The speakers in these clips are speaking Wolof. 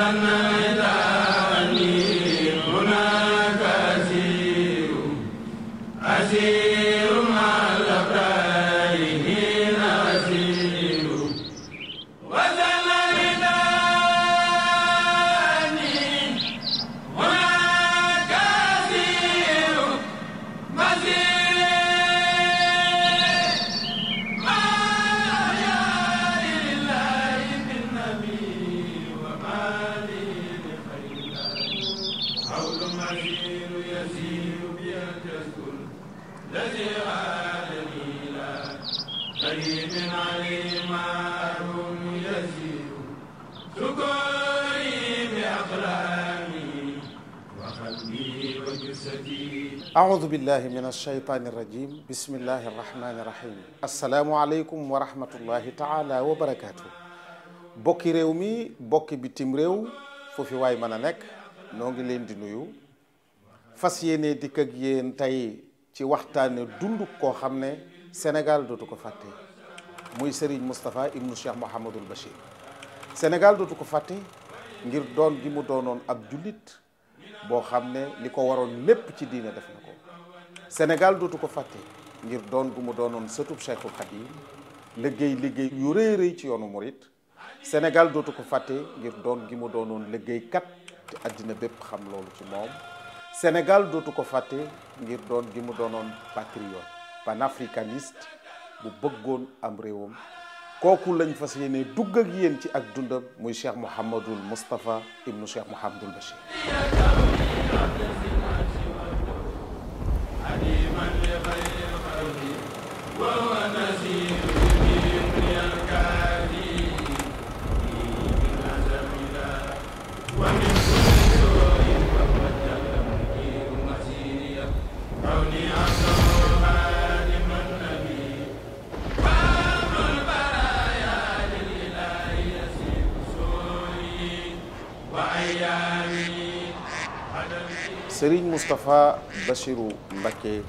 jana aoudu billahi min alsheytani irrajim bismillahi arrahmani irrahim asalaamualeykum wa rahmatullahi taala wa barakaatu bokki réew mi bokki bitim réew foofu waay mën a nekk noo ngi leen di nuyu fas yéene dikk ak yéen tey ci waxtaane dund koo xam ne senegal dootu ko fàtte muy Serigne Moustapha ibnu Cheikh Mouhamadul Bachir Sénégal dootu ko fàtte ngir doon gi mu doonoon ab jullit boo xam ne li ko waroon lépp ci diine def ko Sénégal dootu ko fàtte ngir doon gu mu doonoon sëtub Cheikhul Khadim liggéey liggéey yu rëy rëy ci yoonu murit Sénégal dootu ko fàtte ngir doon gi mu doonoon liggéeykat kat àddina bépp xam loolu ci moom Sénégal dootu ko fàtte ngir doon gi mu doonoon patriote panafricaniste bu bëggoon am réewam kooku lañ fas yéene dugg ak yéen ci ak dundam muy Cheikh Mouhamadul Moustapha ibnu Cheikh Mouhamadul Bachir Serigne Moustapha Bachirou Mbacké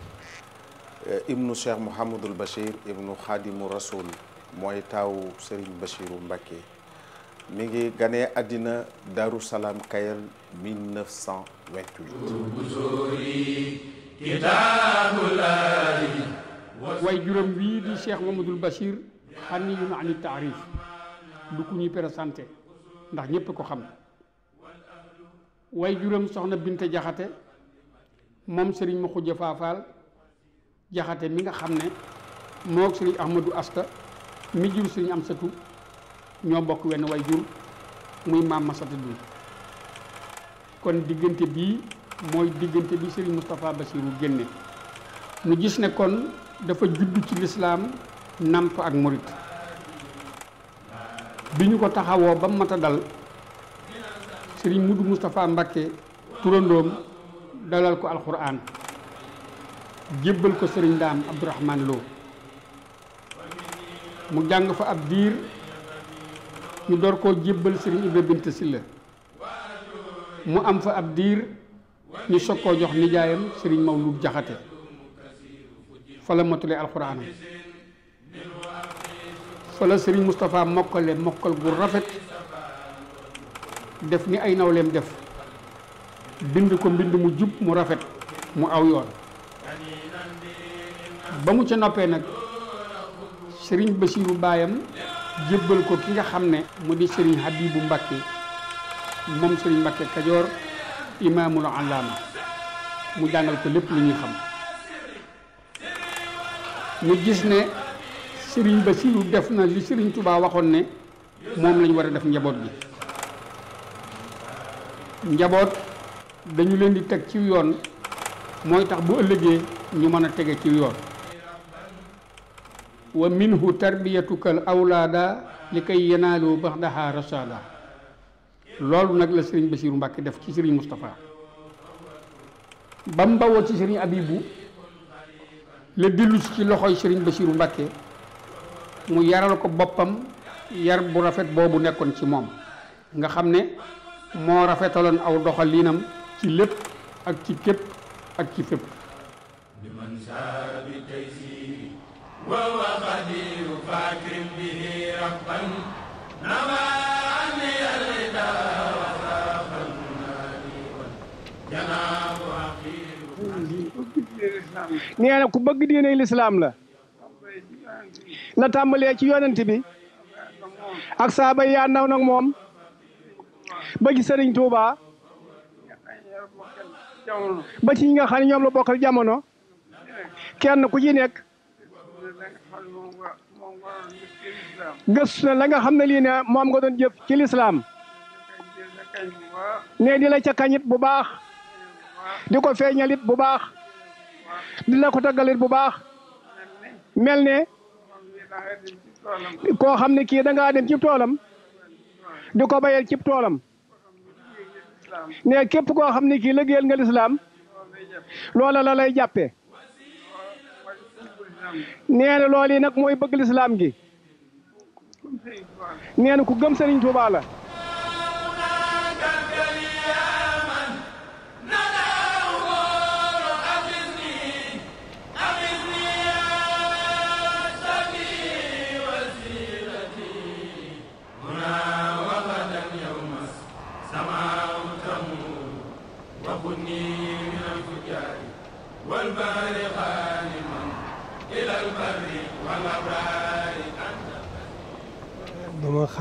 Eh, ibnu cheikh mouhamadul bachir ibnu xaadimu rasoul mooy taawu Serigne Bachiru Mbacke mi ngi ganee àddina Daru Salaam Kayal 1928 way juróom wii di Cheikh Mamadul Bachir xam yu ma ani taarif du ku ñuy présenté ndax ñépp ko xam way juróom soxna Binte Jaxate moom Serigne Maxuja Faafaal jaxate mi nga xam ne moog sëriñ ahmadou asta mi jur sëriñ am satu ñoo bokk wenn way jur muy maam masata dun kon diggante bii mooy diggante bi sëriñ moustapha basiru génne ñu gis ne kon dafa judd ci lislaam namp ak morit bi ñu ko taxawoo ba mat dal sëriñ mudu moustapha mbakke turandoom dalal ko alxuraan jébbal ko sëriñ daam abdourahman loo mu jàng fa ab diir ñu door koo jébbal sëriñ ibra bint mu am fa ab diir ñu soog koo jox nijaayam sëriñ mawlud jaxate fa la matule alxuraanam fa la sëriñ moustapha mokkale mokkal gu rafet def ni ay nawleem def bind ko mbind mu jub mu rafet mu aw yoon ba mu ca noppee nag sëriñ Basiiru baayam jébbal ko ki nga xam ne mu di sëriñ Habibu Mbàkke moom sëriñ Mbàkke Kajoor imaamul allaama mu jàngal ko lépp lu ñuy xam mu gis ne sëriñ Basiiru def na li sëriñ tubaa waxoon ne moom lañu war a def njaboot bi njaboot dañu leen di teg ci yoon mooy tax bu ëllëgee ñu mën a tege ci yoon wa minhu tarbiyatukal awlaada li kay yenaaloo bax daxaa rasaada loolu nag la sëriñ Basiiru Mbàkke def ci sëriñ Moustapha ba mu ci sëriñ Abibu la dellusi ci loxoy sëriñ Basiiru Mbàkke mu yaral ko boppam yar bu rafet boobu nekkoon ci moom nga xam ne moo rafetaloon aw doxalinam ci lépp ak ci képp ak ci fépp وهو قدير فاكر به ربا نما عني الرداء وساق المنادي والجناب nee na ku bëgg diine lislaam la na tàmbalee ci yonent bi ak saaba yaa naw nag moom ba sëriñ Tuuba ba ci ñi nga xam ñoom la bokkal jamono kenn ku ci nekk gëstu na la nga xam ne lii ne moom nga doon jëf ci lislaam ne di la ca kañit bu baax di ko feeñalit bu baax di la ko taggalit bu baax mel ne koo xam ne kii danga ngaa ci toolam di ko bayal ci toolam ne képp koo xam ne kii liggéeyal nga lislaam loola la lay jàppee nee na loolu nag mooy bëgg lislaam gi nee na ku gëm Serigne Touba la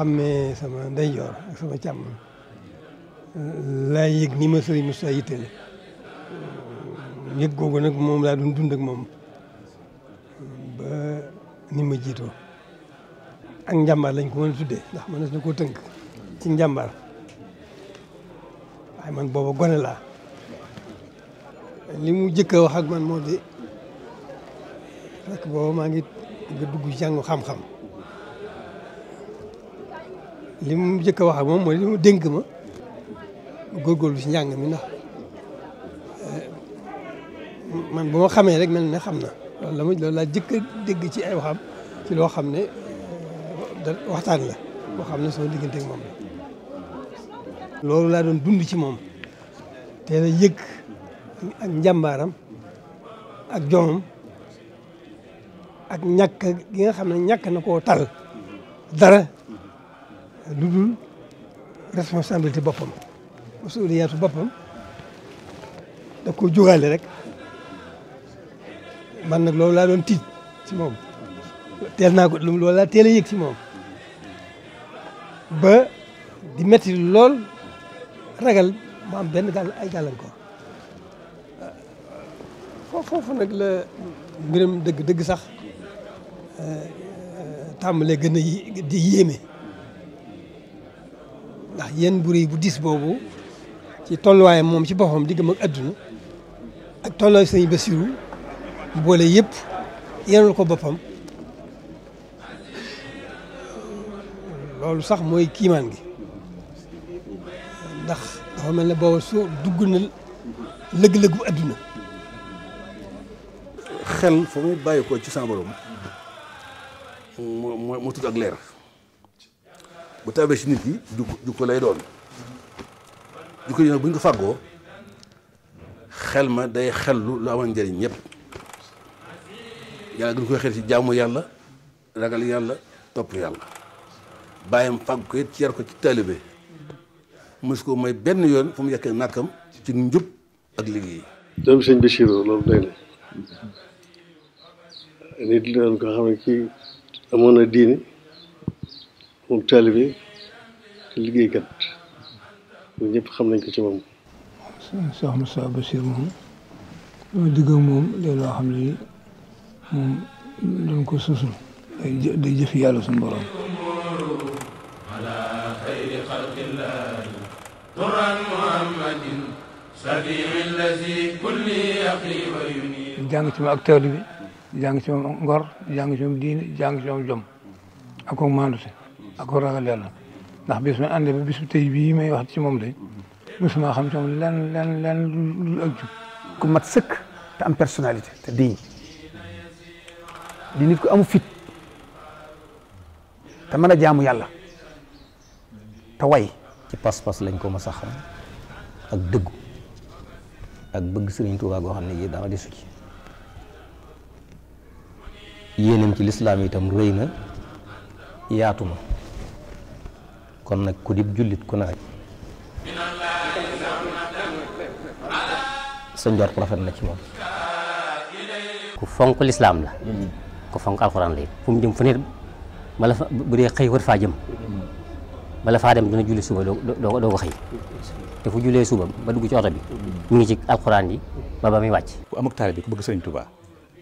xàmmee sama ndeyjoor ak sama càmm laay yëg ni ma sëriñ Moussa yitteel yëg googu nag moom laa doon dund ak moom ba ni ma jiitoo ak njàmbaar lañ ko mën a tuddee ndax mën na koo tënk ci njàmbaar waaye man booba gone laa li mu jëkk a wax ak man moo di rek booba maa ngi dugg jàngu xam-xam li mu njëkk a wax ak moom mooy li mu dénk ma góorgóorlu si njàng mi na eh, man bu ma xamee rek mel ne xam na loolu la ma loolu laa jëkk dégg ci ay waxam ci loo xam ne eh, da waxtaan la boo xam ne soo diggante ak moom loolu laa doon dund ci moom teel a yëg ak njàmbaaram ak jomam ak ñàkk gi nga xam ne ñàkk na koo tal dara lu dul responsabilité boppam masuliyaatu boppam da ko jógaale rek man nag loolu laa doon tiit ci moom teel naa ko loolu laa teel a yëg ci moom ba di métti lool ragal mu am benn gàll ay gàllankoor foofu foofu nag la mbiram dëgg dëgg sax euh, euh, tàmbalee gën a di yéeme ndax yenn bu rëy bu dis boobu ci tolluwaayam moom ci boppam diggam ak adduna ak tolluwaay sëñ Basiru boole yépp yenul ko boppam loolu sax mooy kiimaan gi ndax dafa mel ne booba su dugg na lëg-lëgu adduna xel fa bàyyi ko ci sa borom moo moo tudd ak leer bu tawee si nit yi jukko jukko lay doon jukko yi nag bu ñu fàggoo xel ma day xel lu amal njëriñ ñëpp yàlla gën koy xel ci jaamu yàlla ragal yàlla topp yàlla bàyyam fàgg ko ci yar ko ci taalibe mos ko may benn yoon fu mu yekkee nàkkam ci njub ak liggéey doom sëñ Bachir loolu doy na nit doon ko xam ne kii amoon na diini moom taalibe te liggéeykat loolu ñëpp xam nañ ko ci moom. Cheikh Moussa Bachir moom dama digg moom day loo xam ne moom dañ ko susul day jë day jëf yàlla suñu borom. jàng ci moom ak taalibe jàng ci moom ngor jàng ci moom diine jàng ci moom jom ak ko maandute ak ragal yàlla ndax bis ma àndee ba bisu tey bii may wax ci moom de mosuma xam ci moom lenn lu ak jub ku mat sëkk te am personnalité te diñ di nit ku amu fit te mën a jaamu yàlla te way ci pas-pas lañ ko ma sax xam ak dëggu ak bëgg sëriñ Tuubaa goo xam ne yi dara desu ci yéenam ci lislaam itam rëy na yaatu na kon nag ku dib jullit ku ne rek sa njort rafet na ci moom ku fonk lislaam la ku fonk alxuraan la fu mu jëm fu ne bala bu dee xëy war faa jëm bala faa dem dina julli suba doo doo ko xëy te fu jullee suba ba dugg ci oto bi mu ngi ci alxuraan yi ba ba muy wàcc ku am ak taalibe ku bëgg sëriñ Tuubaa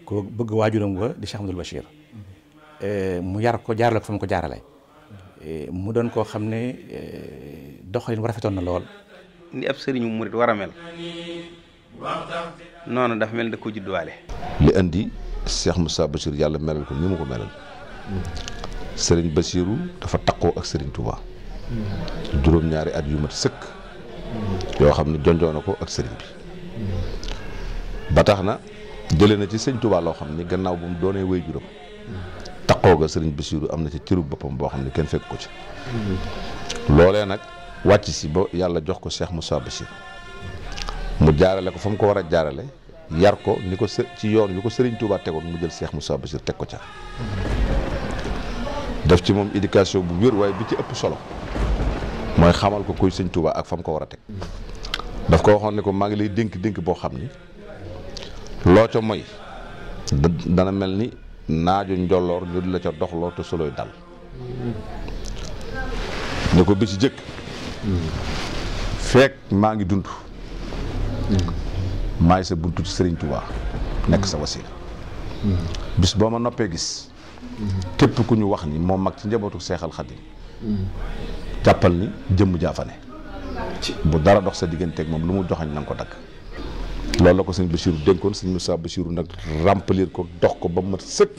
ku bëgg waajuram wa di Cheikh Amadou eh, mu yar ko jaarale ko fa mu ko jaarale Eh, mu doon koo xam ne eh, doxalin rafetoon na lool. ni ab sëriñu murit war a mel noonu dafa mel da ko judduwaale. li indi Cheikh Moussa Bachir yàlla melal ko ni mu ko melal sëriñ Bachirou dafa takkoo ak sëriñ Touba. juróom-ñaari at yu mat sëkk. yoo xam ne jonjoo na ko ak sëriñ bi. ba tax na jëlee na ci sëñ Touba loo xam ne gannaaw bu mu doonee wéy juróom. taqoo ga sëriñ Bassirou am na ci cëru boppam boo xam ne kenn fekk ko ca loolee nag wàcc si ba yàlla jox ko seex mu Moussa si mu jaarale ko fa mu ko war a jaarale yar ko ni ko ci yoon yu ko sëriñ Touba tegoon mu jël mu Moussa Bassir teg ko ca. def ci moom éducation bu wér waaye bi ci ëpp solo mooy xamal ko kuy sëñ Touba ak fa mu ko war a teg daf ko waxoon ne ko maa ngi lay dénk dénk boo xam ni loo ca moy dana mel ni. naaju njolloor ñu di la ca doxloo te soloy dal ne ko bi ci jëkk fekk maa ngi dund maay sa buntu ci Sëriñ Tuubaa nekk sa wasila bis boo ma noppee gis képp ku ñu wax ni moom mag ci njabootu seexal xadim jàppal ni jëmm jaafane bu dara dox sa diggante digganteeg moom lu mu joxañ na ko dagg loolu la ko sëñ Bachir dénkoon sëñ Moussa Bachir nag remplir ko dox ko ba mu sëkk.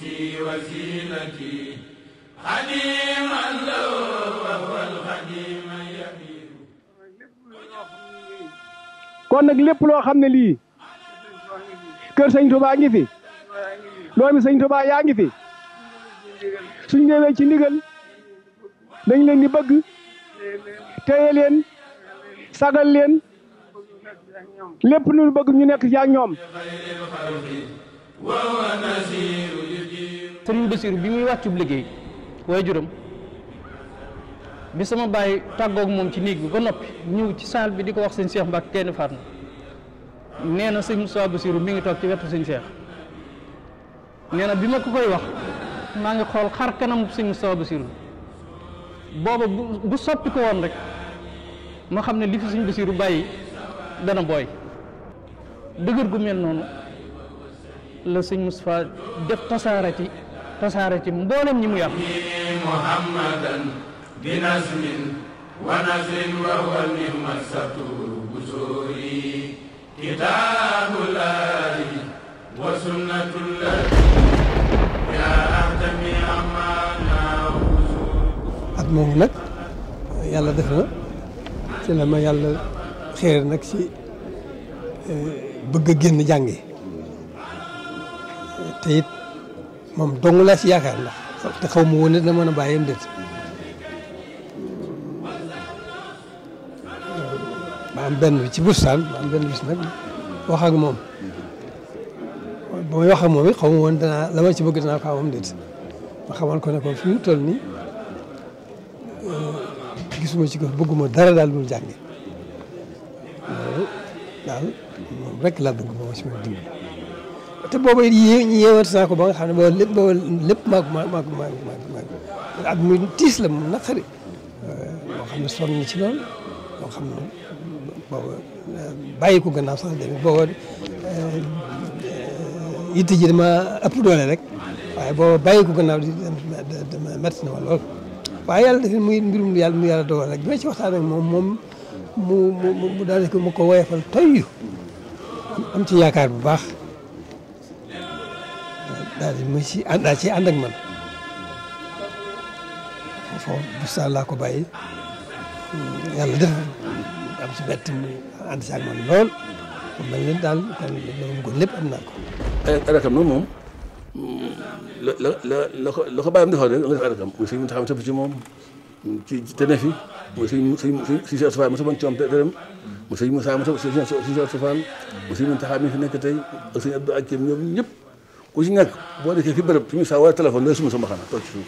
kon nag lépp loo xam ne lii kër sëñ Touba ngi fi doomi sëñ Touba yaa ngi fi suñ ñëwee ci ndigal dañ leen di bëgg téye leen sagal leen. lépp lu ñu bëgg ñu nekk ci ñoom. sëriñ Basiiru bi muy wàccub liggéey waaye juróom bi sama bàyyi tàggoog moom ci néeg bi ba noppi ñëw ci saal bi di ko wax sëñ Cheikh Mbacke kenn faat na nee na sëñ Basiiru mi ngi toog ci wetu sëñ Cheikh nee na bi ma ko koy wax maa ngi xool xar kanam sëñ Moussa Basiiru booba bu bu soppi ko woon rek ma xam ne li fi sëñ Basiiru bàyyi. dana booy dëgër gu mel noonu la sëñ Moustapha def tasaare ci tasaare ci mboolem ñi mu yar muhammadan bi nasmin wa nasrin wa huwa nimasatu busuri kitaabullahi wa sunnatullahi at moomu nag yàlla def na ci la ma yàlla xëy na nag si eh, bëgg a génn jàngi te moom dong laa si yaakaar ndax te xaw ma woon dina mën a bàyyi déet ma am benn ci bustaan ma am benn bis nag wax ak moom ba may moom it xaw ma woon la ma ci bëgg danaa ko amam ma xamal ko ne ko fi mu toll nii eh, gisuma ci ko bëgguma dara daal lu jàngi loolu daal moom rek laa bëgg moom si mën dimbali te booba yéewat saa ko ba nga xam ne booba lépp booba lépp maa ko maa ko maa ko maa ko at muy tiis la mu naqari moo xam ne sonn na ci loolu moo xam ne booba bàyyi ko gannaaw sax demee booba yitte ji dama ëpp doole rek waaye booba bàyyi ko gannaaw di dama métti na ma lool waaye yàlla def muy mbirum yàlla mu yàlla dogal rek bi ma ci waxtaan ak moom moom mu mu mu daal di mu ko woyofal toyyu am ci yaakaar bu baax daal di mu si ànd ci ànd ak man foofu laa ko bàyyi yàlla def am si bett mu ànd si ak man lool kon mel ni daal kon loolu kon lépp am naa ko. arakam eh, noonu moom la la la la ko la ko bàyyam defoon rek nga mu taxaw ci moom. ci te fi mu sëñ si si Sofane mosuma ci am dërëm mu sëñ Moussa mosuma si Sofane mu sëñ Mountakha mi fi nekk tey ak sëñ Abdou Akim ñoom ñëpp ku ci nekk boo nekkee bërëb fi mu saa wala téléphone loolu suma sama xanaa toog ci suuf.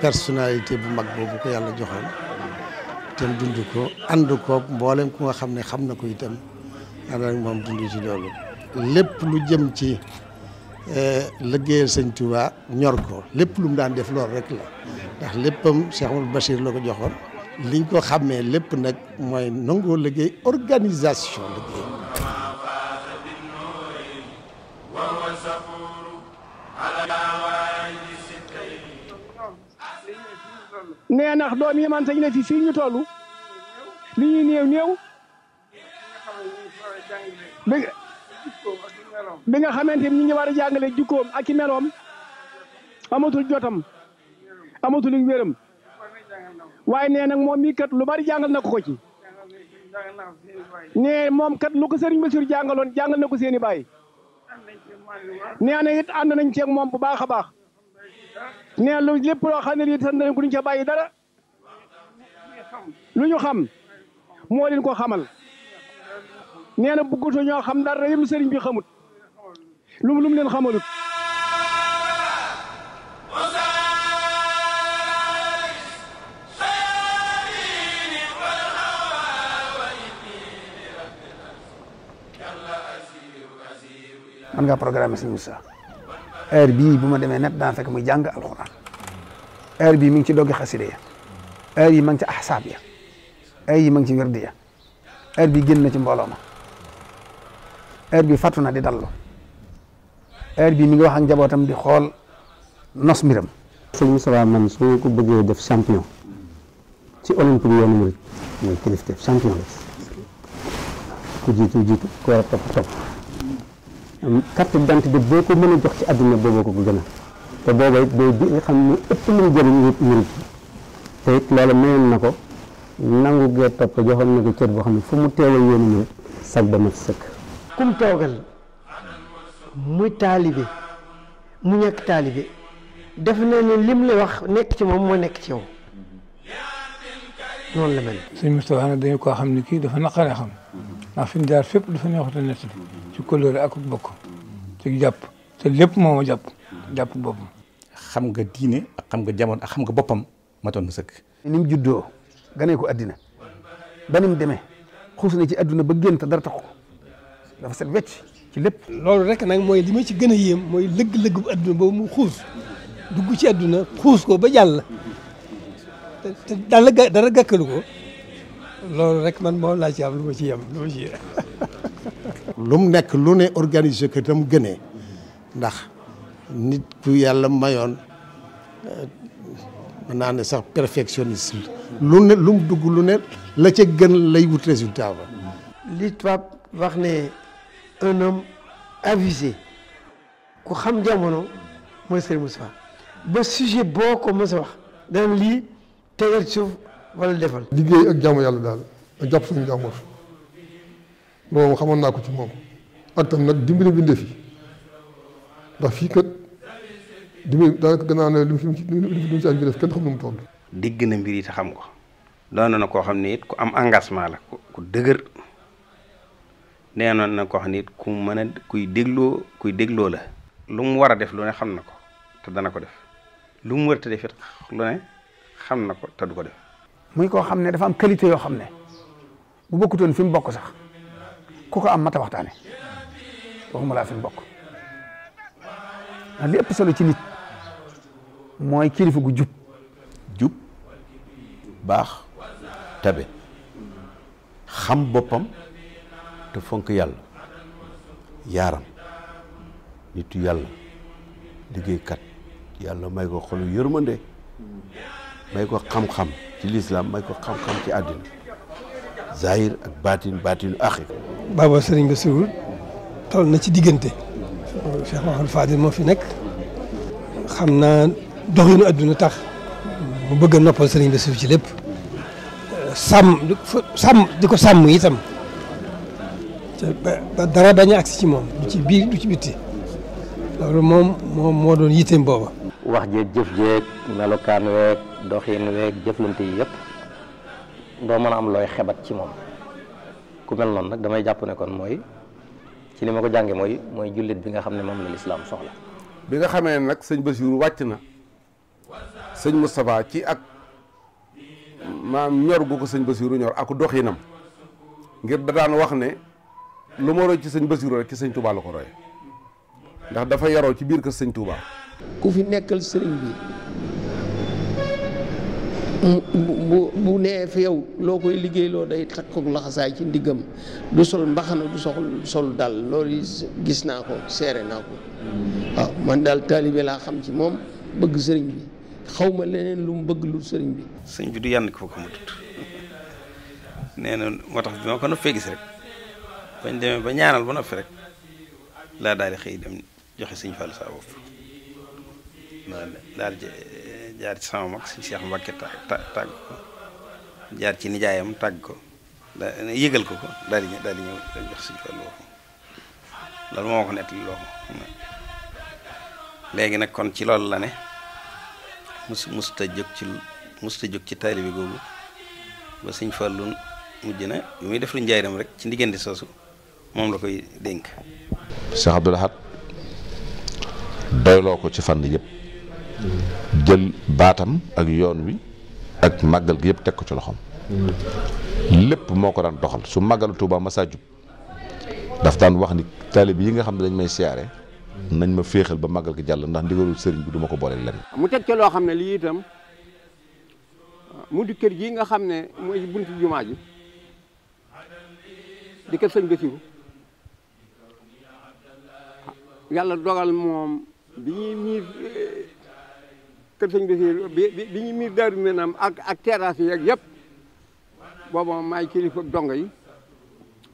personnalité bu mag boobu ko yàlla joxoon te dund ko ànd ko mboolem ku nga xam ne xam na ko itam a ak moom dund ci loolu lépp lu jëm ci. Euh, liggéeyal sëñ Touba ñor ko lépp lu mu daan def loolu rek la ndax léppam Cheikh Amadou Bachir la ko joxoon liñ ko xàmmee lépp nag mooy nangoo liggéey organisation liggéey nee ndax doom yi man sañ na ci fii ñu toll li ñuy bi nga xamante ni ñu ngi war a jàngale jikkoom ak i meloom amatul jotam amatul wéram waaye nee nag moom mii kat lu bari jàngal na ko ko ci nee moom kat lu ko sëriñ Basiru jàngaloon jàngal na ko seen i baay nee na it ànd nañ ceeg moom bu baax a baax nee lu lépp loo xam ne lii sant nañ ko duñ ca bàyyi dara lu ñu xam moo leen ko xamal nee na bëggatu ñoo xam dara yëpp sëriñ bi xamut lu mu lu mu leen xamalut man ngaa programme sëñ Moussa heure bii bu ma demee net daan fekk muy jàng alxuraan heure bii mi ngi ci doggi xaside ya heure yi ma ngi ci ahsaab ya heure yi ma ci wirdi ya heure bii génn ci mbooloo ma bi bii fàttu na di dallu heure bii mi ngi wax ak njabootam di xool nos mbiram. sëñ Moustapha man su ma ko bëggee def champion ci olympique yoonu murit mooy kilifteef champion ku jiitu jiitu ku war a topp topp carte d'identité boo ko mën a jox ci àdduna booboo ko gën a te booba it day bi xam ne ëpp lu mu jëriñ na ko nangu gee topp joxoon na ko cër boo xam ne fu mu teewal yoonu murit sag ba mat sëkk muy taalibe mu nekk taalibe defe na ne lim la wax nekk ci moom moo nekk ci yow noonu la mel. sëñ Moustapha nag dañu koo xam ni kii dafa naqaree xam ndax fi mu jaar fépp dafa neexut a ci kóllëre ak bokk ci jàpp te lépp moo ma jàpp jàpp boppam. xam nga diine xam nga jamono ak xam nga boppam matoon na sëkk. ni mu juddoo ganee ko addina ba ni mu demee xuus na ci adduna ba génn te dara tax ko dafa set wecc. ci lépp. loolu rek nag mooy li ma ci gën a yéem mooy lëgg-lëgg bu adduna boobu mu xuus dugg ci adduna xuus ko ba jàll te dara dara gàkkalu ko loolu rek man moom laa ci am lu ma ci yem lu ma ci lu mu nekk lu ne organiser ko itam gënee ndax nit ku yàlla mayoon eh, mën naa ne sax perfectionniste lu ne dugg lu ne la ca gën lay wut résultat ba. li tubaab wax ne. un homme ku xam jamono mooy Serigne Moustapha ba sujet boo ko mos a wax dana lii tegal suuf wala defal. liggéey ak jaamu yàlla daal ak jàpp suñu jaamu loolu xamoon naa ko ci moom ak tam nag dimbali bindee fi ndax fii kat dimbali daanaka gannaaw ne li mu fi li si ak bi kenn xam nu mu toll. dégg na mbir yi te xam ko doon na koo xam ne it ku am engagement la ku dëgër. neenoon na ko xam ku mën kuy dégloo kuy dégloo la lu war a def lu xam na ko te dana ko def lu mu war a xam na ko te du ko def muy koo xam ne dafa am qualité yoo xam ne bu bokkutoon fi mu bokk sax ku ko am mata waxtaane waxuma laa fi mu bokk ndax li ci nit mooy kilifa gu jub jub baax tabe xam boppam te fonk yàlla yaaram nitu yàlla liggéeykat yàlla may ko xolu yërmande may ko xam-xam ci lislaam may ko xam-xam ci àddina zahir ak baatin baatinu axi baaba sëriñ Bassirou toll na ci diggante Cheikh Mahamadou Fadil moo fi nekk xam naa doxinu àdduna tax mu bëgg a noppal sëriñ ci lépp sàmm sàmm di ko sàmm itam ba dara bañ a agsi ci moom du ci biir du ci bitti moom moom moo doon yitteem booba wax jeeg jëf jeeg melokaan weeg doxiin weeg jëflante yi yëpp doo mën a am looy xebat ci moom ku mel noonu nag damay jàpp ne kon mooy ci li ma ko jànge mooy mooy jullit bi nga xam ne moom la lislaam soxla bi nga xamee nag sëñ Basiru wàcc na sëñ Moustapha ci ak maam ñor gu ko sëñ Basiru ñor ak doxiinam ngir da daan wax ne lu ma roy ci sëñ Basiru rek ci sëñ Touba la ko roy ndax dafa yaroo ci biir kër sëñ Touba. ku fi nekkal sëriñ bi bu bu nee fi yow loo koy liggéeyloo day xat ko laxasaay ci ndiggam du sol mbaxana du soxla sol dal loolu gis naa ko seere naa ko waaw man daal taalibe laa xam ci moom bëgg sëriñ bi xaw ma leneen lu mu bëgg lu sëriñ bi. sëñ bi du yànn ko ko ma tudd nee na moo tax bi ma ko noppee gis rek. bañ demee ba ñaanal ba noppi rek laa daal di xëy dem joxe sëñ Fallu saa bopp daal jaar ci sama mag sëñ Cheikh Mbacke tàgg ko jaar ci nijaayam tàgg ko da yëgal ko ko daal di daal di ñëw dem jox sëñ Fallu loolu moo ko nettali loo léegi nag kon ci loolu la ne mus musta jóg ci musta jóg ci taalibe googu ba sëñ Fallu mujj na bi muy def lu njaaram rek ci ndiggante soosu moom la koy dénk. Cheikh Abdoul Ahad doyloo ko ci fànn yëpp jël baatam ak yoon wi ak màggal gi yëpp teg ko ci loxoom. lépp moo ko daan doxal su màggal Touba ma jub daf daan wax ni taalib yi nga xam ne dañ may siyaare nañ ma féexal ba màggal gi jàll ndax ndigalul sëriñ bi du ma ko boole lenn. mu teg ci loo xam ne lii itam mu di kër gi nga xam ne mooy buntu jumaa ji di kër sëñ Bassirou yàlla dogal moom bi ñuy miir eh, kër sëñ Basiiru bi ñuy miir daaru ak ak terrasse yi ak yëpp booba maay kilifa dongo yi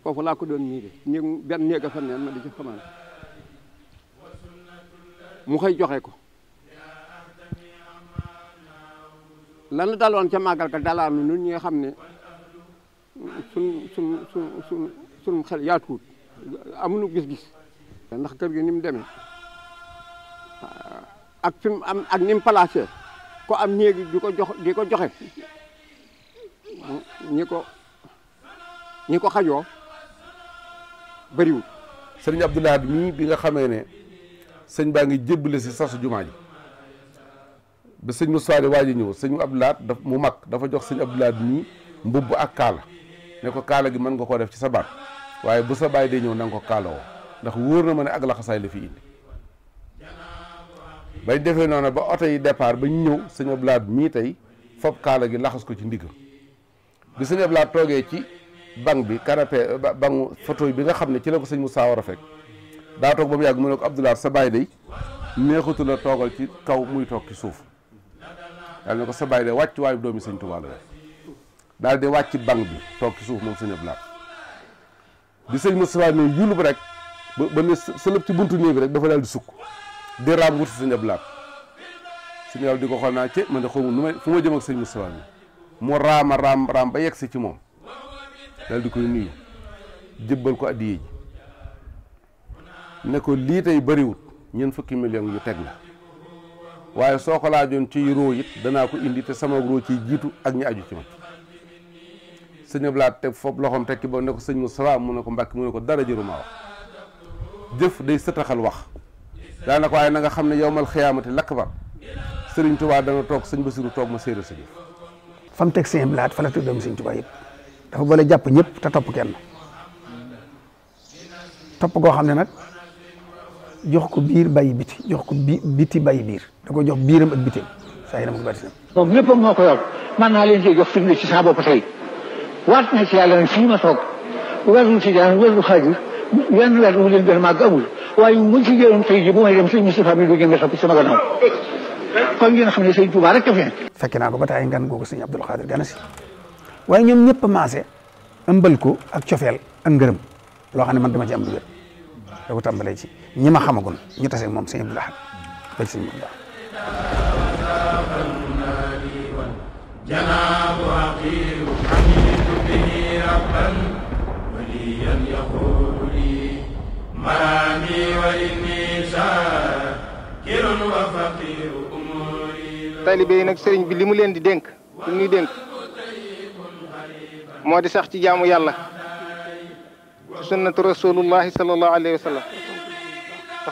foofu laa ko doon miire néeg benn néeg a fa neen ma di ci xamaan mu xëy joxe ko lana daloon ca màggal ka dalaanu nun ñi nga xam ne sun sun sun sun sun xel yaatuwut amuñu gis-gis ndax kër gi ni mu demee ak fi am ak ni mu placé ko am néegi di ko jox di ko joxe ñi ko ñi ko xajoo bëriwul. sëriñ Abdou Lahad mii bi nga xamee ne sëñ baa ngi jébbale si sasu jumaa ji ba sëñ Moussa di waaj ñëw sëñ Abdou Lahad daf mu mag dafa jox sëñ Abdou Lahad mii mbubb ak kaala ne ko kaala gi mën nga koo def ci sa baat waaye bu sa baay de ñëw nan nga ko kaalawoo. ndax wóor na ma ne ak laxasaay la fi indi bañ defee noonu ba oto yi départ ba ñëw sëñ Ablaat mii tey fob kaala gi laxas ko ci ndigg bi sëñ Ablaat toogee ci banc bi canapé banc photo bi nga xam ne ci la ko sëñ mu saawar a fekk daa toog ba mu yàgg mu ne ko Abdoulaat sa baay day neexatu la toogal ci kaw muy toog ci suuf daal ne ko sa baay day wàcc waayu doomi sëñ Tuubaa la daal di wàcc banc bi toog ci suuf moom sëñ Ablaat bi sëñ Moussa ne ba ba ne sëlëb ci buntu néeg bi rek dafa daal di sukk di raam wuti sëñ Abdu Lahat naa ci ma nu may ma jëm ak sëñ Moustapha mu raama raam raam ba yegg si ci moom daal di koy nuyu jëbbal ko addiye ji ne ko lii tey bëriwut ñeent fukki million yu teg la waaye soo ko laajoon ci roo it danaa ko indi te sama roo ciy jiitu ak ñu aju ci man sëñ Abdu Lahat loxoom tekki ba ne ko sëñ Moustapha mu ne ko mbàkk mu ne ko dara jëru wax jëf day sëtaxal wax daanaka waaye na nga xam ne yowmal xiyaamati lakbar sëriñ tubaa dana toog sëñ basiru toog ma séeréer sa jëf fa mu teg sëñ laat fa la teg doomu sëñ yëpp dafa boole jàpp ñépp te topp kenn topp koo xam ne nag jox ko biir bàyyi biti jox ko bi biti bàyyi biir da ko jox biiram ak bitim saa yi dama ko bàyyi moom léppam moo ko yor man naa leen na ci toog yenn weer lu mu leen gën a màgg amul waaye muñ si jëloon tey jii bu may dem sëñ Moustapha mi du ngeen nga sama gannaaw kon ngeen xam ne sëñ Touba rek a fi fekk naa ko ba tàyyi ngan googu sëñ Abdul Xaadir Ganasi waaye ñoom ñëpp maase ëmbal ko ak cofeel ak ngërëm loo xam ne man dama ci am lu wér da ko tàmbalee ci ñi ma xamagoon ñu tase moom sëñ Abdul Ahad ba ci sëñ Moustapha taalibe yi nag sëriñ bi li mu leen di dénk li muy moo di sax ci jaamu yàlla sunnatu rasulullahi sallallahu alayhi wa sallam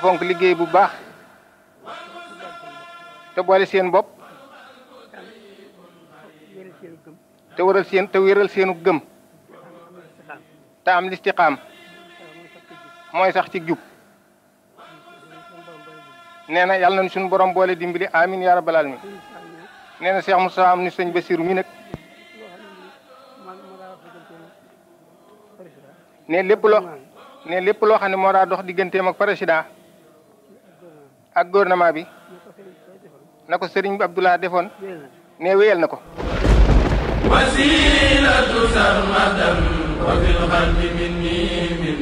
fonk liggéey bu baax te boole seen bopp te waral seen te wéral seenu gëm te am listiqaam mooy sax ci jub nee na yàlla na suñu borom boole dimbali amin yaa rabbal alamin nee na Cheikh Moussa am ni sëñ Basiru mi ne lépp loo ne lépp loo xam ne moo daa dox digganteem ak président ak gouvernement bi na ko sëriñ bi Abdoulaye defoon ne wéyal na ko wasilatu sarmadan wa fil xalbi min niimin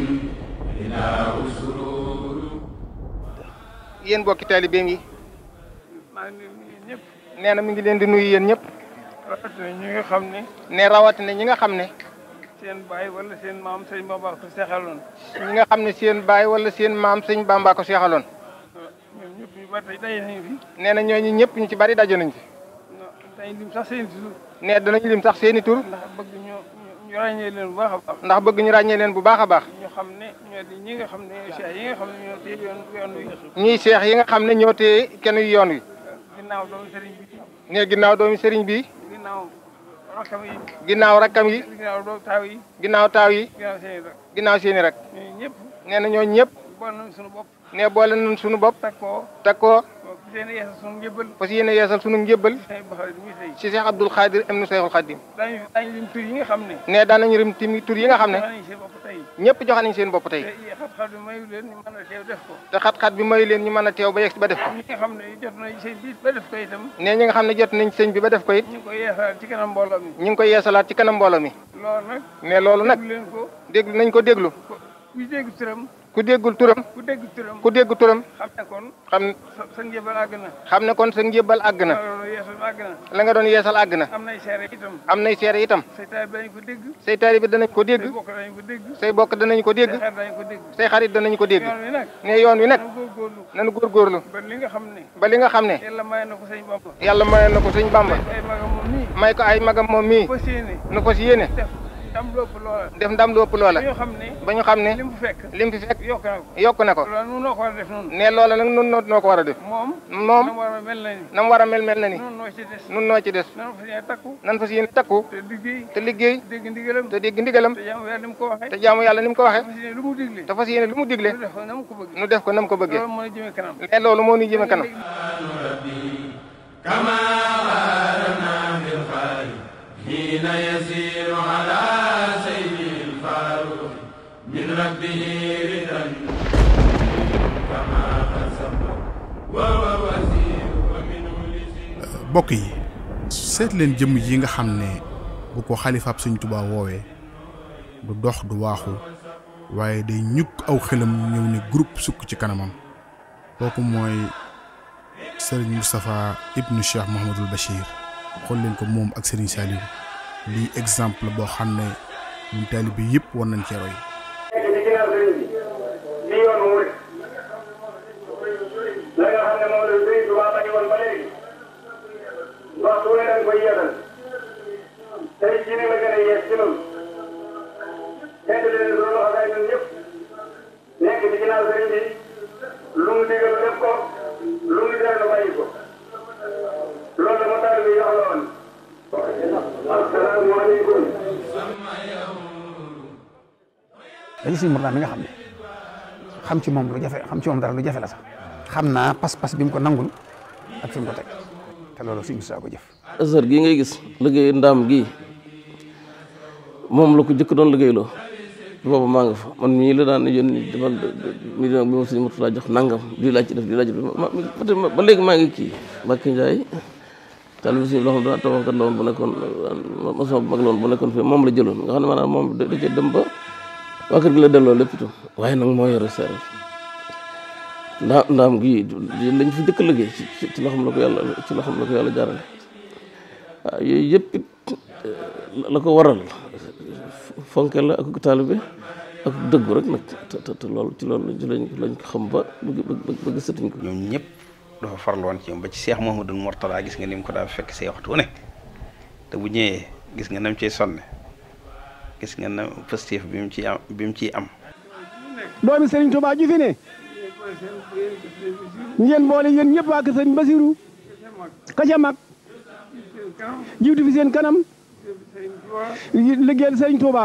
ila usuru bokki taalibeem nee na mi ngi leen di nuyu yéen ñëpp. rawatina ñi xam ne. ne rawatina ñi nga xam ne. seen baay wala seen maam sëñ Bamba ko seexaloon. ñi nga xam ne seen baay wala seen maam sëñ Bamba ko seexaloon. ñoom ñëpp nee na ñooñu ñëpp ñu ci bari daje nañu fi. dañ lim sax seen tur. ndax bëgg ñu ñu ràññee leen bu baax a baax. ndax bëgg ñu ràññee leen bu baax a baax. ñu xam ne ñoo ñi nga xam ne ñooy seex yi nga xam ne ñoo téye yoon kenn yoon wi. ne ginnaaw doomi sëriñ bi. ginnaaw rakkam yi. ginnaaw rakkam yi. ginnaaw taaw yi. ginnaaw taaw yi. ginnaaw seeni rak. ginnaaw na ñooñu ñëpp. nee boole nañ sunu bopp. nee boole nañ sunu bopp. takkoo takkoo. fas yéene yeesal sunu njëbbal. fas yéene yeesal sunu njëbbal. ci Cheikh Abdoul Khadir am na Cheikhul Khadim. ne. ne daan rim tim tur yi nga xam ne. ñëpp joxe seen bopp tey. te xat-xat bi mayu leen ñu mën a teew ba yegg ba ba def ko ne ñi nga xam ne jot nañ sëñ bi ba def ko ñu ngi koy yeesalaat ci kanam mbooloo mi. ñu ngi koy yeesalaat ci kanam mbooloo mi. loolu loolu nag déglu nañ ko déglu. ku déggul turam. ku dégg turam ku dégg turam. xam ne kon. xam sa njëbal àgg na. xam ne kon sa njëbal àgg na. la nga doon yeesal àgg na. am nay seere itam. am nay seere itam. say taalibe danañ ko dégg. say ko dégg. say bokk danañ ko dégg. say xarit danañ ko dégg. ne yoon wi nag. nanu góor ba li nga xam ne. ba li nga xam ne. yàlla may na ko sëñ Bamba. yàlla may na ko sëñ Bamba. may ko ay magam moom mii. nu si yéene. ndam lu ëpp loola. def ndam lu ëpp loola. ba ñu xam ne lim fi fekk. lim fi yokk na ko yokk na ko. loolu nun noo ko war ne loola nag nun noo ko war a def. moom. moom na mu war a mel na na war a mel mel na ni. nun noo ci des. nun noo ci des. nan fas yéene takku. nan fas yéene takku. te liggéey. te liggéey. te dégg ndigalam. te jaamu yàlla ni mu ko waxee. te jaamu yàlla ni ko waxee. te fas yéene lu mu digle. nu def ko na mu ko bëggee. ne loolu moo ñu jëme kanam. kama waarana fil xaali bokk yi seet jëmm ji nga xam ne bu ko xalifaab Sëñ Tuubaa woowee du dox du waaxu waaye day ñukk aw xelam ñëw ne groupe sukk ci kanamam kooku mooy Serigne Moustapha ibnu Cheikh Mouhamadul Bachir xool leen ko moom ak Serigne Saliou lii exemple boo xam ne ñun taalibe yëpp war nañ cee roy. léegi nag ñu ngi leen di gënal sëriñ bi lu mu digal sëñ Murtada mi nga xam ne xam ci moom lu jafe xam la sax xam naa pas-pas bi mu ko nangul ak fi mu ko teg te loolu sëñ Murtada ko jëf Azhar gii ngay gis liggéey ndaam gii moom la ko jëkk doon liggéeyloo boobu maa nga fa man la daan yónni dama million bi moom sëñ Murtada jox nangam di laaj ci def di laaj maa ngi kii Mbacke Ndiaye tali bi suñu loo xam ne tabaxkat la woon bu nekkoon nekkoon moom la jëloon nga xam ne maanaam moom da cee dem waa kër gi la delloo lépp itam waaye nag moo yore sa ndaa ndaam gi lañ fi jëkk liggéey ci la ko yàlla ci loxoom la ko yàlla jaarale yooyu yëpp eh, la ko waral fonke la ak taalibe ak dëggu rek nag te loolu ci la ci lañ lañ xam ba bëgg bëgg bëgg sëtuñ ko ñoom ñëpp dafa farlu woon ci ñoom ba ci Cheikh Mouhamadou Mourtada gis nga ni mu ko daa fekk see waxtu ne te bu ñëwee gis nga nam cey sonne gis ngeen ne positif bi mu ci am bi mu ciy am. doomi Serigne Touba ju fi ne. ngeen boole yéen ñëpp waa kër Serigne Basirou. ka ca mag. fi seen kanam. liggéeyal Serigne Touba.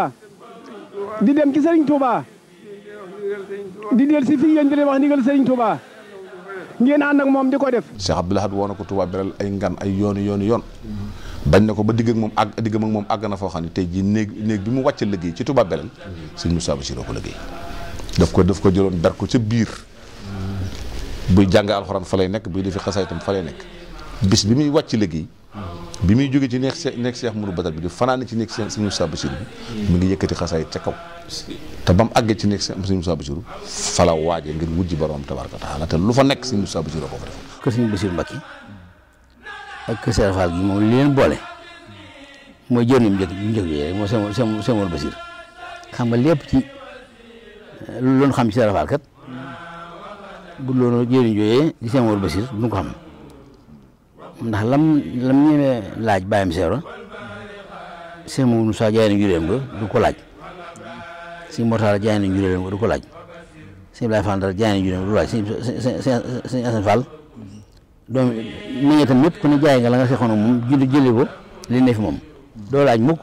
di dem ci Serigne Touba. di del si fii yéen di leen wax ndigal Serigne Touba. ngeen ànd ak moom di ko def. Cheikh Abdoul Ahad woo na ko Touba beral ay ngan ay yooni yooni yoon. bañ na ko ba digg moom àgg digg ak moom àgg na foo xam ne tey jii néeg néeg bi mu wàcc liggéey ci Touba Belel sëñ Moussa Bassirou ko liggéey daf ko daf ko jëloon ber ko ca biir buy jàng alxuraan fa lay nekk buy defi xasaytam fa nekk bis bi muy wàcc liggéey bi muy jógee ci nekk see nekk seex muru batal bi di fanaan ci nekk seen sëñ Moussa Bassirou mu ngi yëkkati xasaay ca kaw te ba mu àggee ci nekk sëñ Moussa Bassirou fa la waajee ngir wujji borom tabaaraka taala te lu fa nekk sëñ Moussa Bassiroo ko fa def kër sëñ Bassirou ak Serigne Fall gi moom li leen boole mooy jëriñu njëkk njëkk yooyu rek mooy Serigne Serigne Serigne Bassir xam nga lépp ci eh, lu doon xam ci Serigne Fall kat bu loolu jëriñ di Serigne Bassir du ko xam ndax lam lam laaj bàyyam seero Serigne sa Moussa jaay na njuréem nga du ko laaj Serigne Mortala jaay na njuréem nga du laaj Serigne Ibrahima Fall jaay na njuréem du laaj Serigne Assane Fall doom nit ñi tam ñëpp ku ne jaay nga la nga seexoon moom jëli jëli ko li ne fi moom doo laaj mukk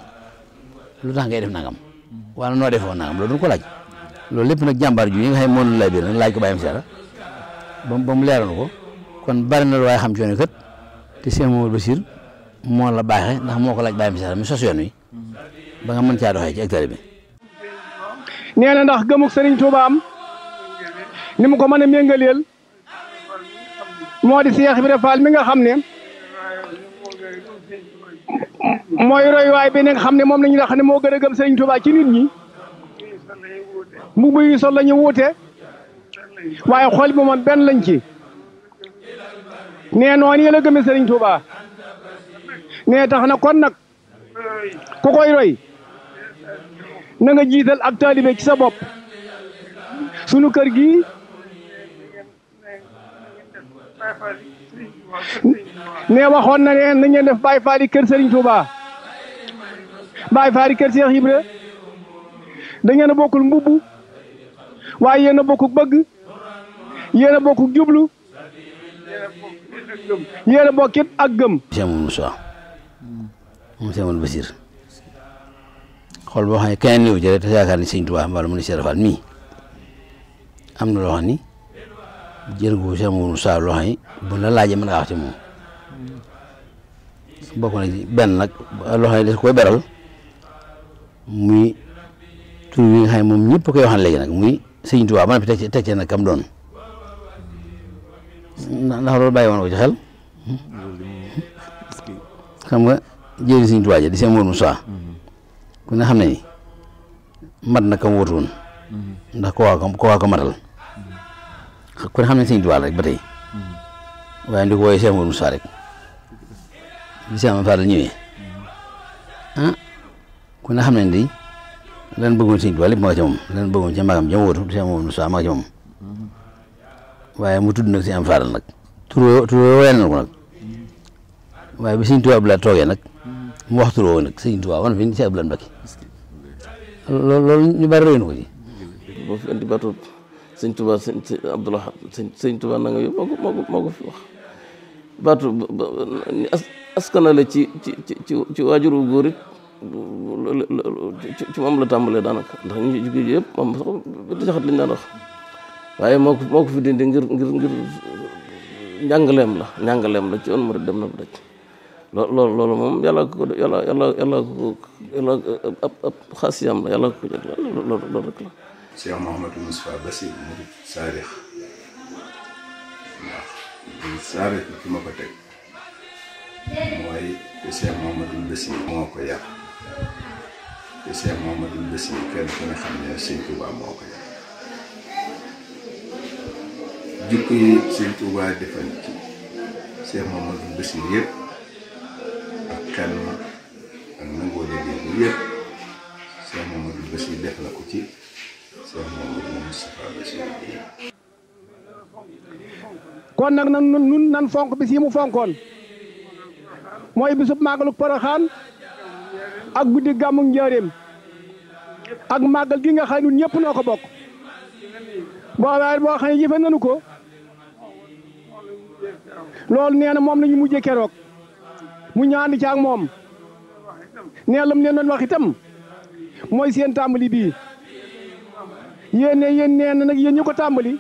lu tax ngay def nangam wala noo defoo nangam loolu duñ ko laaj loolu lépp nag jàmbaar ju yi nga xam ne moom laaj ko bàyyam seera ba ba mu leeroon ko kon bari na lu xam ci yoon kat te Cheikh moo la baaxee ndax moo ko laaj bàyyam seera mi sos yoon ba nga mën caa doxee ci hectare bi. nee ndax gëmug Serigne Touba am ni mu ko mën a méngaleel moo di bi Ibrahima Fall mi nga xam ne mooy royuwaay bi nga xam ne moom la ñuy wax ne moo gën a gëm Serigne Touba ci nit ñi mbubb yi sol la ñu wuute waaye xool bi moom benn lañ ci nee noonu yéen a gëmee Serigne Touba nee tax na kon nag ku koy roy na nga jiital ak taalibe ci sa bopp sunu kër gi. ne waxoon na ne nañ leen def Baye Fall yi kër Serigne Touba Baye Fall yi kër Cheikh Ibra da ngeen a bokkul mbubb waaye yéen a bokku bëgg yéen a bokku jublu yéen a bokkit ak gëm. Cheikh Moussa moom Cheikh Moussa ne keneen ñëw jëre te yaakaar ni Sëñ Tuubaa mbala mu mii am na loo nii jërëjëf Cheikh Mourou Moussa loo xam ne bu la laajee mën ngaa wax ci moom bokk na ci benn nag loo xam ne des koy beral muy tur wi nga xam ne moom ñëpp koy waxal léegi nag muy Sëriñ Tuubaa man teg ci teg ci nag kam doon ndax loolu bàyyi woon ko ci xel xam nga jëriñ Sëriñ Tuubaa ji di Cheikh Mourou Moussa ku ne xam ne ni mat na kam wóotu woon ko waa matal. kon xam nañ sëñ Tuubaa rek ba tey waaye ndi ko wooyee Cheikh Mourou Moussa rek bi Cheikh Mourou Fall ñëwee ah kon nag xam nañ di lan bëggoon sëñ Tuubaa lépp ma nga ca moom lan bëggoon ca magam jëm wóotu Cheikh Mourou Moussa ma nga ca moom waaye mu tudd nag si am faaral nag turoo turoo wéyal na ko nag waaye bi sëñ Tuubaa Abdoulaye toogee nag mu wax turoo nag sëñ Tuubaa wan fi ñu si Abdoulaye Mbacké loolu loolu ñu bari réew na ko ci. sëñ Tuba sëñ Abdul Ahad sëñ Tuba na nga yób moo ko fi wax baatu askanale ci ci ci ci waajuru góor it ci moom la tàmbalee daanaka ndax ñu jigéen yëpp moom sax bi jaxat lañ daan waaye moo ko ko fi dindi ngir ngir ngir njàngaleem la njàngaleem la ci woon mu dem na bu daj loolu loolu moom yàlla ko yàlla yàlla yàlla ko yàlla ab ab xaasiyam la yàlla ko ko jot loolu loolu rek la Cheikh Mouhamadou Moustapha Bassir mu saarix ndax saarix bi fi ma ko teg mooy te Cheikh Mouhamadou Bassir moo ko yar te Cheikh Mouhamadou kenn ku ne xam ne Sëñ Tuubaa moo yëpp ak kenn ak nangoo liggéey bi yëpp Cheikh Mouhamadou Bassir def na ko ci kon nag na nun nan fonk bis yi mu fonkoon mooy bisub màggalu Poroxaan ak guddi gàmmu njaareem ak màggal gi nga xam ne ñun ñëpp noo ko bokk boo waaye boo xam ne nanu ko loolu nee na moom la ñu keroog mu ñaandi ci ak moom nee lam leen doon wax itam mooy seen tàmbali bii yéen ne yéen nee na nag yéen ñu ko tàmbali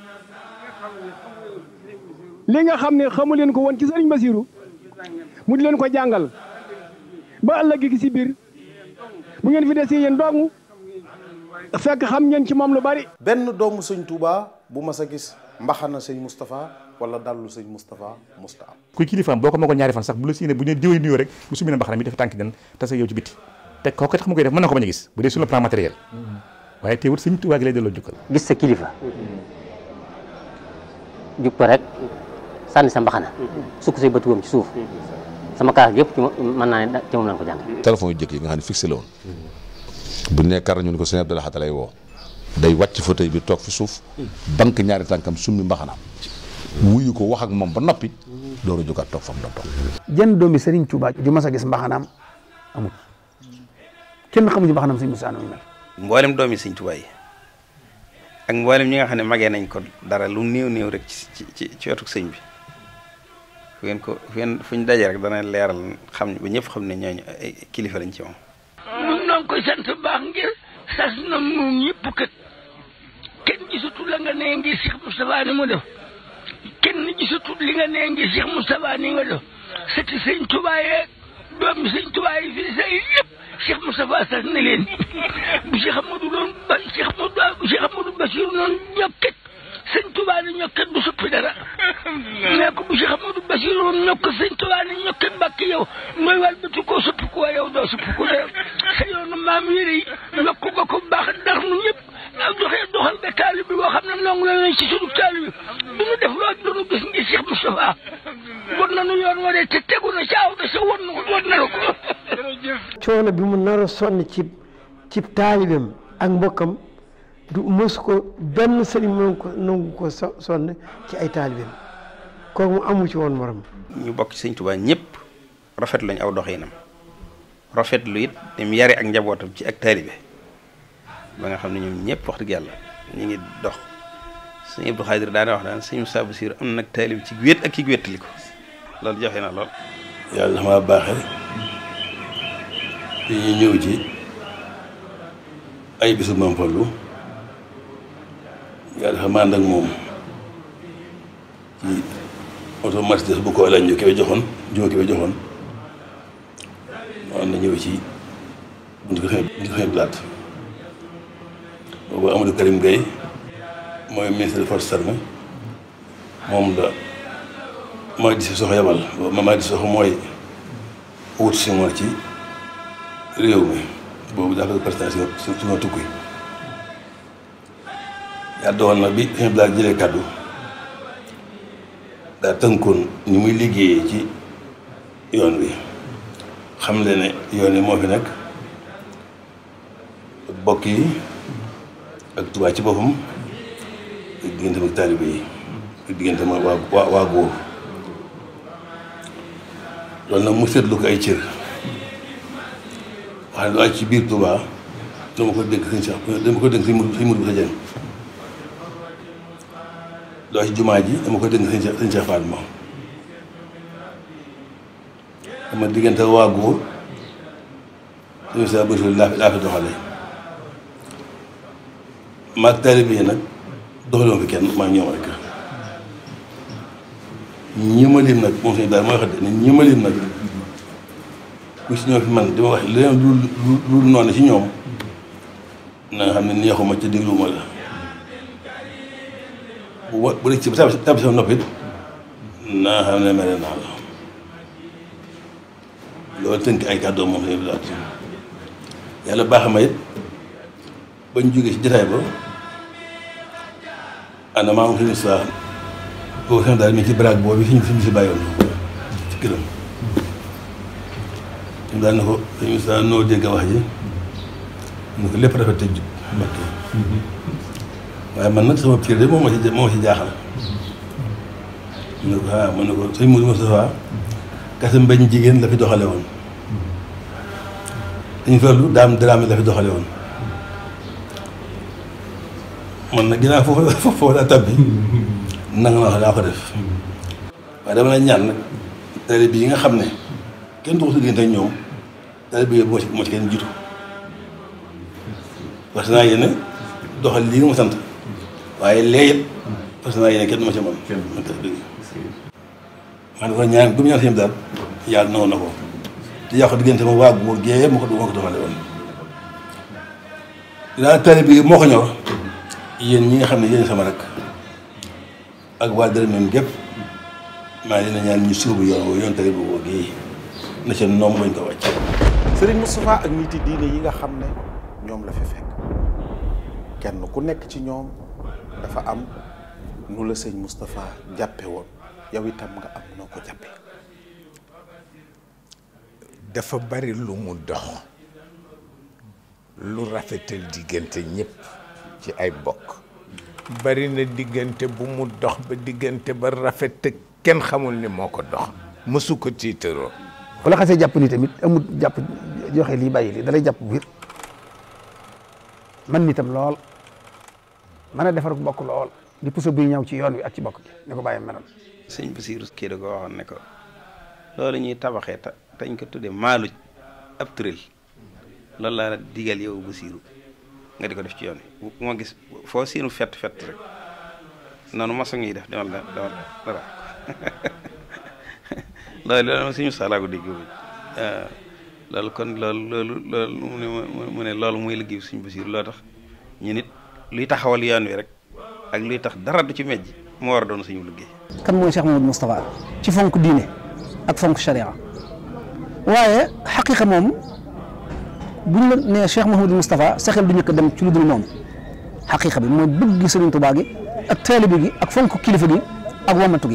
li nga xam ne xamu leen ko woon ci sëriñ Basiru mu di leen ko jàngal ba ëllëg gi si biir bu ngeen fi desee yéen dong fekk xam ngeen ci moom lu bari. benn doomu sëñ Touba bu mas a gis mbaxana sëñ Moustapha wala dallu sëñ Moustapha musta am. kuy kilifaam boo ko magoon ñaari fan sax bu la siine bu ñu diwee nuyoo rek bu sumee mbaxana mi dafa tànk den tase yow ci bitti te kooku it xam koy def mën na ko bañ gis bu dee waaye teewul Sëñ Tuubaa gi lay delloo jukkal. gis sa kilifa. jub ko rek sànni sa mbaxana. sukk say bëtuwam ci suuf. sama kaas yëpp ci naa ne ci moom ko jàng. ne fixé la woon bu nekkar ñu ko sëñ Abdou lay woo day wàcc fauteuil bi toog fi suuf bank ñaari tànkam summi mbaxana wuyu ko wax ak moom ba noppi dooru jógaat toog fam doon jenn doomi Serigne Touba ju mas gis mbaxanaam amul kenn xamuñu mbaxanaam Serigne Moussa Noy mel. mboolem doomi sëñ Tuubaa yi ak mboolem ñi nga xam ne magee nañ ko dara lu néew néew rek ci ci ci sëñ bi fu ngeen ñu daje rek dana leeral xam ba ñëpp xam ne ñooñu ay kilifa lañ ci moom. ñun ñoo ngi kenn gisatu la li nga nee ngir Cheikh Moustapha ni nga def sëti sëñ Tuubaa doomi sëñ Tuubaa yi fii say Cheikh Moustapha Sall ne leen bu Cheikh Amadou doon ba Cheikh Amadou Cheikh Amadou Bachir noonu ñokket sëñ Tuubaa ne ñokket du soppi dara mais ko bu Cheikh Amadou Bachir noonu ñokk sëñ Tuubaa ne ñokket bàkk yow mooy wàl bati koo soppi ko yow doo soppi ko dara sa yoonu maam yére yi yokk ko baax ndax nu ñëpp a doxee doxal ba taali bi xam ne noonu la nañ te tegu na caaw da sa war na coono bi mu nar a sonn ci ci taalibeem ak mbokkam du mës ko benn sëriñ mën ko nangu ko sonn ci ay taalibeem kooku mu amu ci woon morom. ñu bokk ci sëñ Tuubaa ñëpp rafet lañ aw doxinam rafet lu it dem yare ak njabootam ci ak taalibe ba nga xam ne ñoom ñëpp wax dëgg yàlla ñu ngi dox sëñ Abdou Xaadir daane wax daan si Moussa Bassirou am nag taalib ci wéet ak ki wéttali ko loolu joxe na lool. yàlla na baaxee. dañuy ñëw ci ay bisu Maam Fallu yàlla dafa mànd ak moom ci oto bu ko lañ jóge joxoon jóge am na ñëw ci buntu xëy buntu xëy blaat boobu Amadou Karim Gueye mooy ministre des forces armées moom la Madi Sissoko yabal Madi mooy wut si moom ci réew mi boobu daa koy prestation su suma tukki yaa doxal na bi sëñ Abdoulaye jëlee kàddu daa tënkoon ni muy liggéeyee ci yoon wi xam le ne yoon yi moo fi nekk bokk yi ak Tuubaa ci boppam ak digganteem ak taalibe yi ak waa waa góor loolu nag mu seetlu ko ay cër waaye lu aj ci biir Touba dama ko dégg ko dégg sëñ Modou sëñ Modou jumaa ji dama ko dégg sëñ Cheikh sëñ Cheikh Fall moom dama diggante waa góor sëñ Cheikh Bousso laa fi laa fi doxale maag taalibe yi nag doxaloo fi kenn maa ngi ñoom rek ma lim nag moom suñu daal mooy xam ne ñi ma lim nag ku si ñëw fi man dama wax leneen lu lu lu noonu ci ñoom na nga xam ne neexuma ca dégluwuma la bu wa bu dee ci sa sa sa noppi na nga xam ne mere naa la loolu tënk ay kàddoom moom la ñu daal yàlla baax ma it bañ jógee ci jotaay ba ana maa ngi fi mu saa boobu daal mi ci baraag boobu fi ñu fi ñu si bàyyoon ci këram. daan na ko noo dégg wax ji mu ko lépp rafet te jub waaye man nag sama piir de moom moo ci moo ci jaaxal mu ne ko ah, mu ne ko sëñ mbañ jigéen la fi doxale woon daa fellu daam daraame la fi doxale woon man nag ginnaaw foofu foofu laa tabbi nanga ma wax daa ko def waaye dama la ñaan nag tere bi yi nga xam ne kenn du ko si diggante ñoom nawet bi moo ci moo ci kenn jiitu parce que naa yéen doxal lii mu sant waaye lee parce que naa yéen kenn moo ci mën. kenn na dëgg. man dafa ñaan taalib bi moo ko ñor yéen ñi nga xam ne yéen sama rek ak waa Darmeen gépp maa ngi leen ñu suubu yoon taalib boobu gii na seen noom bañ ko wàcc. Serigne Moustapha ak nit yi diine yi nga xam ne ñoom la fi fekk kenn ku nekk ci ñoom dafa am nu la sëñ Moustapha jàppe woon yow itam nga am noo ko jàppe dafa bari lu mu dox lu rafetal diggante ñépp ci ay bokk bari na diggante bu mu dox ba diggante ba rafet kenn xamul ni moo ko dox mësu ko tiitaroo bu la xasee jàpp ni tamit amul jàpp joxe lii bàyyi lii dalay jàpp bu wér man nitam lool mën a defar bokk lool di puso buy ñëw ci yoon wi ak ci bokk gi ni ko bàyyi meloon sëñ Basiiru kii da ko waxoon ne ko loolu ñuy tabaxee ta tañ ko tudde maaluj ab tërël loolu la digal yow Basiiru nga di ko def ci yoon wi moo gis foo siinu fett fett rek noonu yi def demal la demal dara loolu loolu ma suñu salaagu dégg euh, loolu kon loolu loolu loolu mu ne loolu mooy liggéey suñ loo tax ñu nit luy taxawal yoon wi rek ak luy tax dara du ci mejj moo war a doon suñu liggéey. kan mooy Cheikh Mamadou Moustapha ci fonk diine ak fonk sharia waaye xaqiqa moom buñ la Cheikh Mamadou Moustapha sa xel du ñëkk dem ci lu dul moom xaqiqa bi mooy bëgg Sëriñ Tuubaa ak taalibe gi ak fonk kilifa gi ak wamatu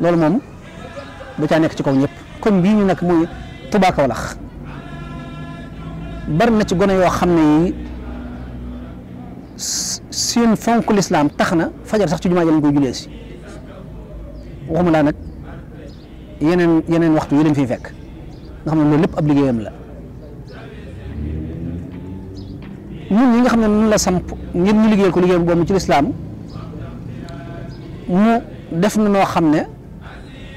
loolu moom da caa nekk ci kaw ñëpp kon bii ñu nag mooy. Touba bari na ci gone yoo xam ne yi seen fonk lislaam tax na fajar sax ci jumaa ji lañ koy julee si waxuma nag yeneen yeneen waxtu yi leen fiy fekk nga xam ne loolu ab liggéeyam la ñun ñi nga xam ne nun la samp ngir ñu liggéeyal ko liggéeyam boobu ci lislaam mu def na noo xam ne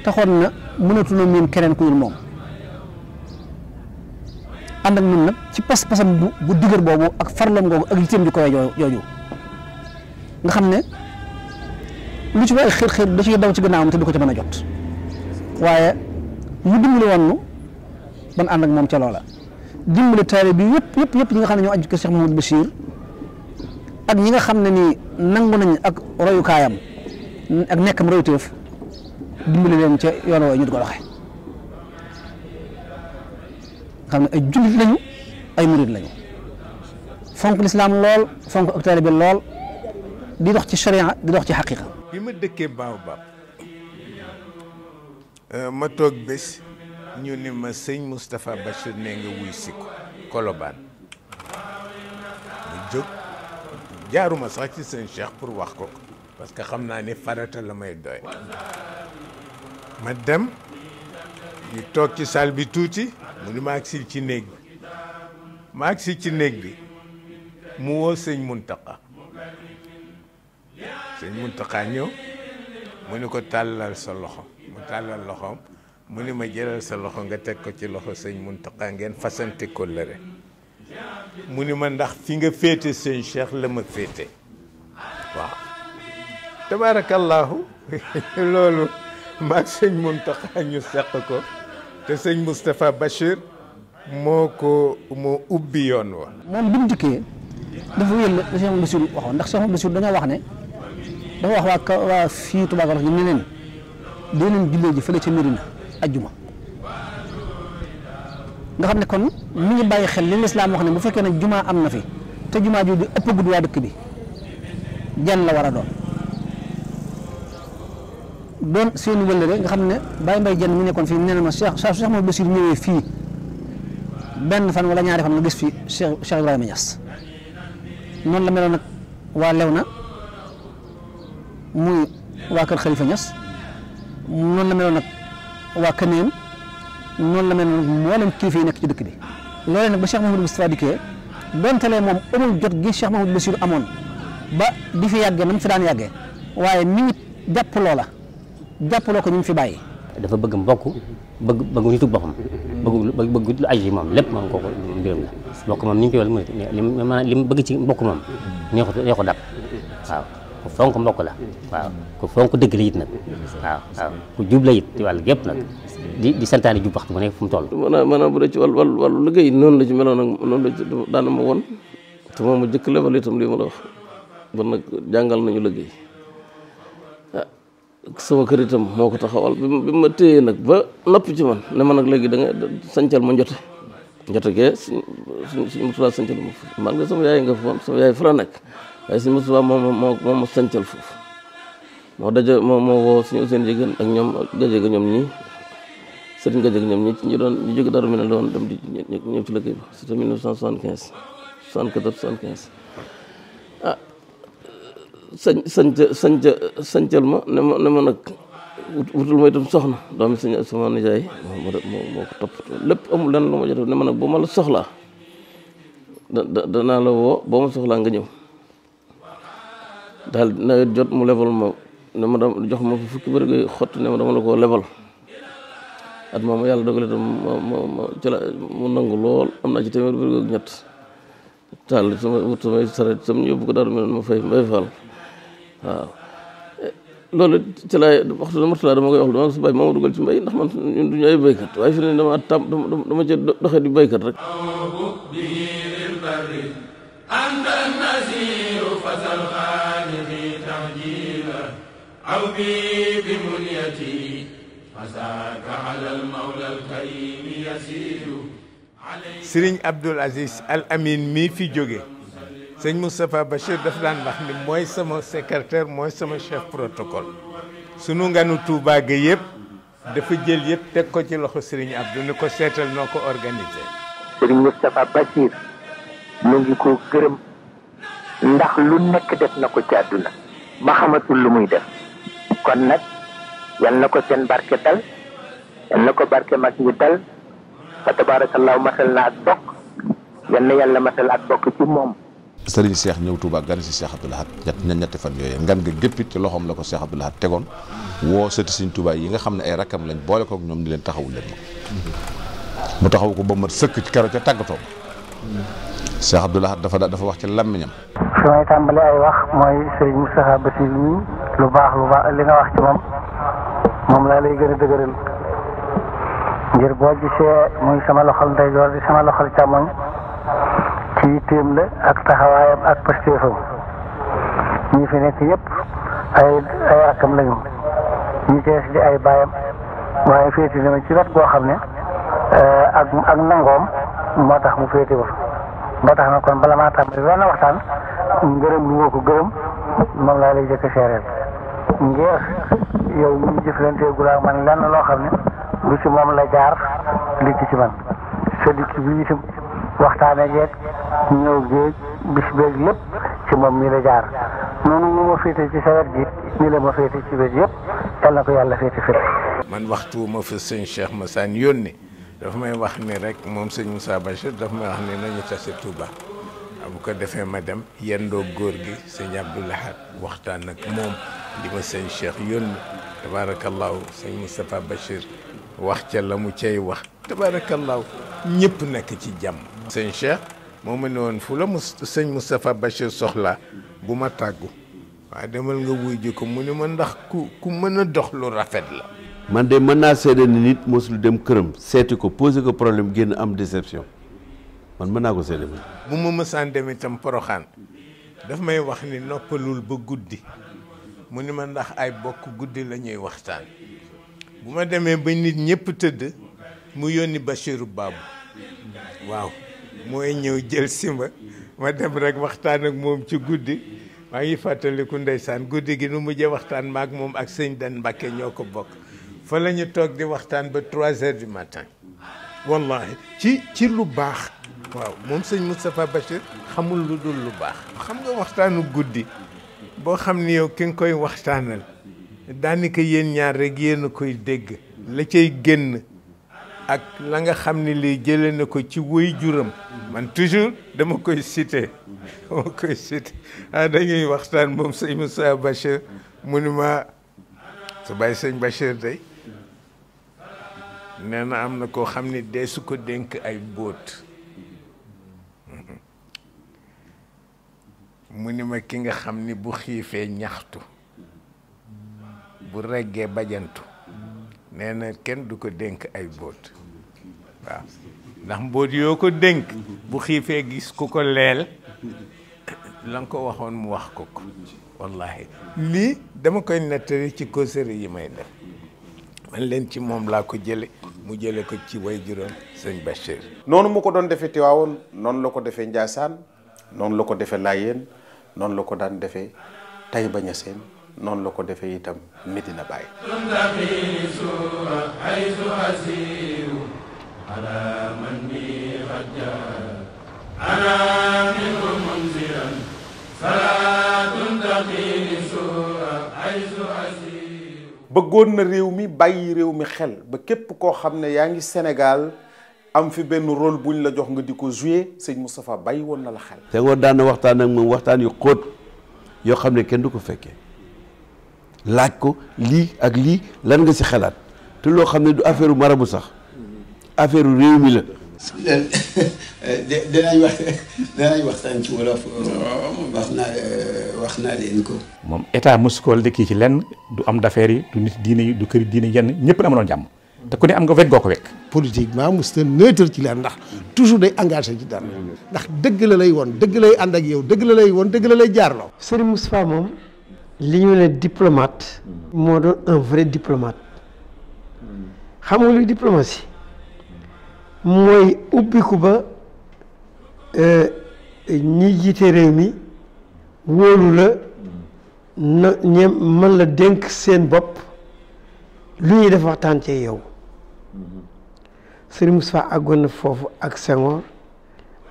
taxoon na mënatu na miin keneen ku dul moom ànd ak ñun nag ci pas-pasam bu bu dëgër boobu ak farlam googu ak yitteem ju koy jooju nga xam ne lu ci waay xër xër da ciy daw ci gannaawam te du ko ci mën a jot waaye mu dimbali woon nu ban ànd ak moom ca loola dimbali taalibe bi yëpp yëpp yëpp ñi nga xam ne ñoo aju ko Cheikh Mouhamadou Bachir ak ñi nga xam ne nii nangu nañ ak royukaayam ak nekkam royuteef dimbali leen ca yoon woowu ñu di ko doxee xam ne ay jullit lañu ay murit lañu fonk lislaam lool fonk ak taalibe bi lool di dox ci sharia di dox ci xaqiqa bi ma dëkkee baaw baaw euh, ma toog bés ñu ni ma sëñ Moustapha Bachir ne nga wuy si ko Kolobaan mu jóg jaaruma sax ci sëñ Cheikh pour wax ko parce que xam naa ni farata la may doy ma dem ñu toog ci saal bi tuuti mu ni ma agsil ci néeg bi ma agsi ci néeg bi mu woo sëñ Muntaqa sëñ Muntaqa ñëw mu ni ko tàllal sa loxo mu tàllal loxoom mu ni ma jëlal sa loxo nga teg ko ci loxo sëñ Muntaqa ngeen fasante ko lere mu ni ma ndax fi nga féete sëñ Cheikh la ma féete waaw tabaarakallaahu loolu maag sëñ Muntaqa ñu seq ko te sëñ Moustapha Bachir moo ko moo ubbi yoon wa. moom bi mu dikkee dafa wéyal la Cheikh Bassir waxoon ndax Cheikh Bassir dañoo wax ne dafa wax waa ka waa fii Touba Gallas ñoom ne leen dee leen jullee ji fële ca Mérina ajjuma nga xam ne kon mu ngi bàyyi xel li lislaam wax ne bu fekkee ne jumaa am na fi te juma jooju ëpp gudd waa dëkk bi jan la war a doon. doon seeni wëllëre nga xam ne Baye Mbaye Diène mu nekkoon fii nee na ma Cheikh saa su Cheikh Mouhamadou Bassirou ñëwee fii benn fan wala ñaari fan nga gis fii Cheikh Cheikh Ibrahima Niass noonu la meloon nag waa Léona muy waa kër Khalifa Niass noonu la meloon nag waa Kaneen noonu la meloon nag mboolem kilifa yi nekk ci dëkk bi loolee nag ba Cheikh Mouhamadou Moustapha dikkee dontalee moom amul jot gi Cheikh Mouhamadou Bassirou amoon ba di fi yàggee na mu fi daan yàggee waaye mi ngi jàpp loola. jàppaloo ko ñu fi bàyyi. dafa bëgg mbokk bëgg bëgg nitu boppam bëgg bëgg lu aju ci moom lépp moom kooku mbiram la mbokk moom ni ñu koy waxee mooy li mu bëgg ci mbokk moom neexut neexut dab waaw ku fonk mbokk la waaw ku fonk dëgg la it nag waaw waaw ku jub la it ci wàllu gépp nag di di santaane jub waxtu bu nekk fu mu toll. maanaam maanaam bu dee ci wàllu wàllu wàllu liggéey noonu la ci meloon nag daana ma woon te moom mu jëkk lebal itam lii ma la wax ba nag jàngal nañu liggéey sama kër tam moo ko taxawal bi bi ma téye nag ba noppi ci man ne ma nag léegi da nga sancal ma njote njote gee suñ suñ suñ Moustapha sancal ma foofu man nga sama yaay nga fa sama yaay fa la nekk waaye suñ Moustapha moo moo moo ma sancal foofu moo daje moo moo woo suñu seen jigéen ak ñoom gaje ga ñoom ñii sëriñ gaje ga ñoom ñi ñu doon ñu jóge daru ne doon dem di ñëw ci liggéey ba c'était mille neuf cent soixante quinze soixante quinze sëñ sënca sënca sëncal ma ne ma ne ma nag wutul may soxna doomi sëñ sama nijaay ko toppatoo lépp amul lenn lu ma jot ne ma nag boo ma la nga ñëw daal nawet jot mu lebal ma ne ma jox ma fukki bëri koy xott koo lebal moom yàlla dogale tam ma ma lool am naa ci téeméer bëri koog ñett taal fay mbay faal waaw loolu ci laay waxtu la martulaa dama koy wax dama su bay moo ma dugal ci mbay ndax man ñun duñu ay béykat waaye fi ne dama tam dama ci doxe di béykat rek Sëriñ Abdul Aziz Al Amin mii fi jóge sëñ Moustapha Bachir daf daan wax ni mooy sama secrétaire mooy sama chef protocole sunu nganu tuubaa ga yëpp dafa jël yëpp teg ko ci loxo Serigne Abdou ni ko seetal noo ko organisé. Serigne Moustapha Bachir mu ngi ko gërëm ndax lu nekk def na ko ci àdduna ba xamatul lu muy def kon nag yal na ko seen barke dal yal na ko barke mag ñi dal fa tabarakallahu masal na ak bokk yal na yàlla masal ak bokk ci moom. sëriñ seex ñëw Touba gan si Cheikh Abdou Lahad ñetti fan yooyu ngan nga géppit ci loxoom la ko seex Abdou Lahad tegoon woo sëti sëriñ Touba yi nga xam ne ay rakkam lañ boole kook ñoom ni leen taxawul leen mu taxaw ko ba mat sëkk ci kero ca tàggatoo Cheikh Abdou Lahad dafa dal dafa wax ci làmmiñam fi may tàmbali ay wax mooy sëriñ Moustapha ba ñi lu baax lu baax li nga wax ci moom moom laa lay gën a dëgëral ngir boo gisee muy sama loxol ndeyjoor di sama loxol càmmoñ ci yitteem la ak taxawaayam ak pastéefam ñi fi nekk yëpp ay ay rakkam lañu ñi tees di ay baayam waaye féete na ma ci wet goo xam ne eh, ak ak nangoom moo tax mu féete ba ba tax na kon bala maa tàmbali benn waxtaan ngërëm lu moo ko gërëm moom laa lay jëkk seereel ngir yow ñu jëflantee gulaa man lenn loo xam ne lu ci moom la jaar li ci ci man sa dikk bi itam waxtaan ak ñëw géeg bis beeg lépp ci moom mi la jaar noonu mu ma féete ci sawet gi ni la ma féete ci wet yëpp yal na ko yàlla féete fépp man waxtu ma fa sëñ Cheikh Massane yónni dafa may wax ni rek moom sëñ Moussa Bachir dafa may wax ni nañu tase Touba bu ko defee ma dem yendoo góor gi sëñ Abdou waxtaan ak moom li ma sëñ Cheikh yónni tabaarakallaahu sëñ Moustapha Bachir wax ca la mu cay wax tabaarakallaahu ñëpp nekk ci jàmm sëñ Cheikh moo ma ne woon fu la sëñ Moustapha Bachir soxla bu ma tàggu waaye demal nga wuy ko mu ne ma ndax ku ku mën a dox lu rafet la man de mën naa seede ni nit mosul dem këram seeti ko posé ko problème génn am déception man mën naa ko seede man bu ma mësaan dem itam poroxaan daf may wax ni noppalul ba guddi mu ni ma ndax ay bokk guddi lañuy waxtaan bu ma demee ba nit ñëpp tëdd mu yónni Bachirou Babou waaw mooy ñëw jël simba ma dem rek waxtaan ak moom ci guddi maa ngi fàttaliku ndeysaan guddi gi nu mujjee waxtaan maak moom ak sëñ Dan Mbàkke ñoo ko bokk fa lañu toog di waxtaan ba trois heures du matin wallahi ci ci lu baax waaw moom sëñ Moustapha Bachir xamul lu dul lu baax xam nga waxtaanu guddi boo xam ni yow ki nga koy waxtaanal daanaka yéen ñaar rek yéen koy dégg la cay génn ak la nga xam ne lii jële na ko ci woy juram man toujours dama koy cité dama koy cité ah dañuy waxtaan moom sëñ Moussa Bachir mu ni ma sa bàyyi sëñ Bachir day nee na am na koo xam ne dee su ko dénk ay bóot mu ki nga xam ni bu xiifee ñaxtu bu reggee bajantu nee na kenn du ko dénk ay boot waaw ndax mbóot yoo ko dénk bu xiifee gis ku ko leel la ko waxoon mu wax ko ko wallahi lii dama koy nettali ci causerie yi may def man leen ci moom laa ko jële mu jële ko ci way juróom sëñ Bachir noonu mu ko doon defee Tiwaawoon noonu la ko defee Njaasaan noonu la ko defee Laayeen noonu la ko daan defee Tayba Ñaseen noonu la ko defee itam Medina Baye bëggoon na réew mi bàyyi réew mi xel ba képp koo xam ne yaa ngi senegal am fi benn rôle buñ la jox nga di ko joué sëñ Moustapha bàyyi woon na la xel. te daan na waxtaan ak moom waxtaan yu xóot yoo xam ne kenn du ko fekkee. laaj ko lii ak lii lan nga si xalaat te loo xam ne du affaire marabu sax affaire réew mi la. danañ wax danañ waxtaan ci wolof. wax ko. moom état mosu ko dëkk ci lenn du am d'affaires yi du nit diine yi du kër diine yenn ñëpp na amoon jàmm. te ku ne am nga wet goo ko wekk. politiquement mos na neutre ci leen ndax toujours day engagé ci dara ndax dëgg la lay woon dëgg lay ànd ak yow dëgg la lay woon dëgg la lay jaarloo. Serigne Moustapha moom. li ñu ne diplomate. moo doon un vrai xam nga luy diplomatie mooy ubbiku ba euh, ñi jiite réew mi wóolu la na ñe mën la dénk seen bopp lu ñuy def waxtaan ci yow Serigne Moustapha àggoon na foofu ak Senghor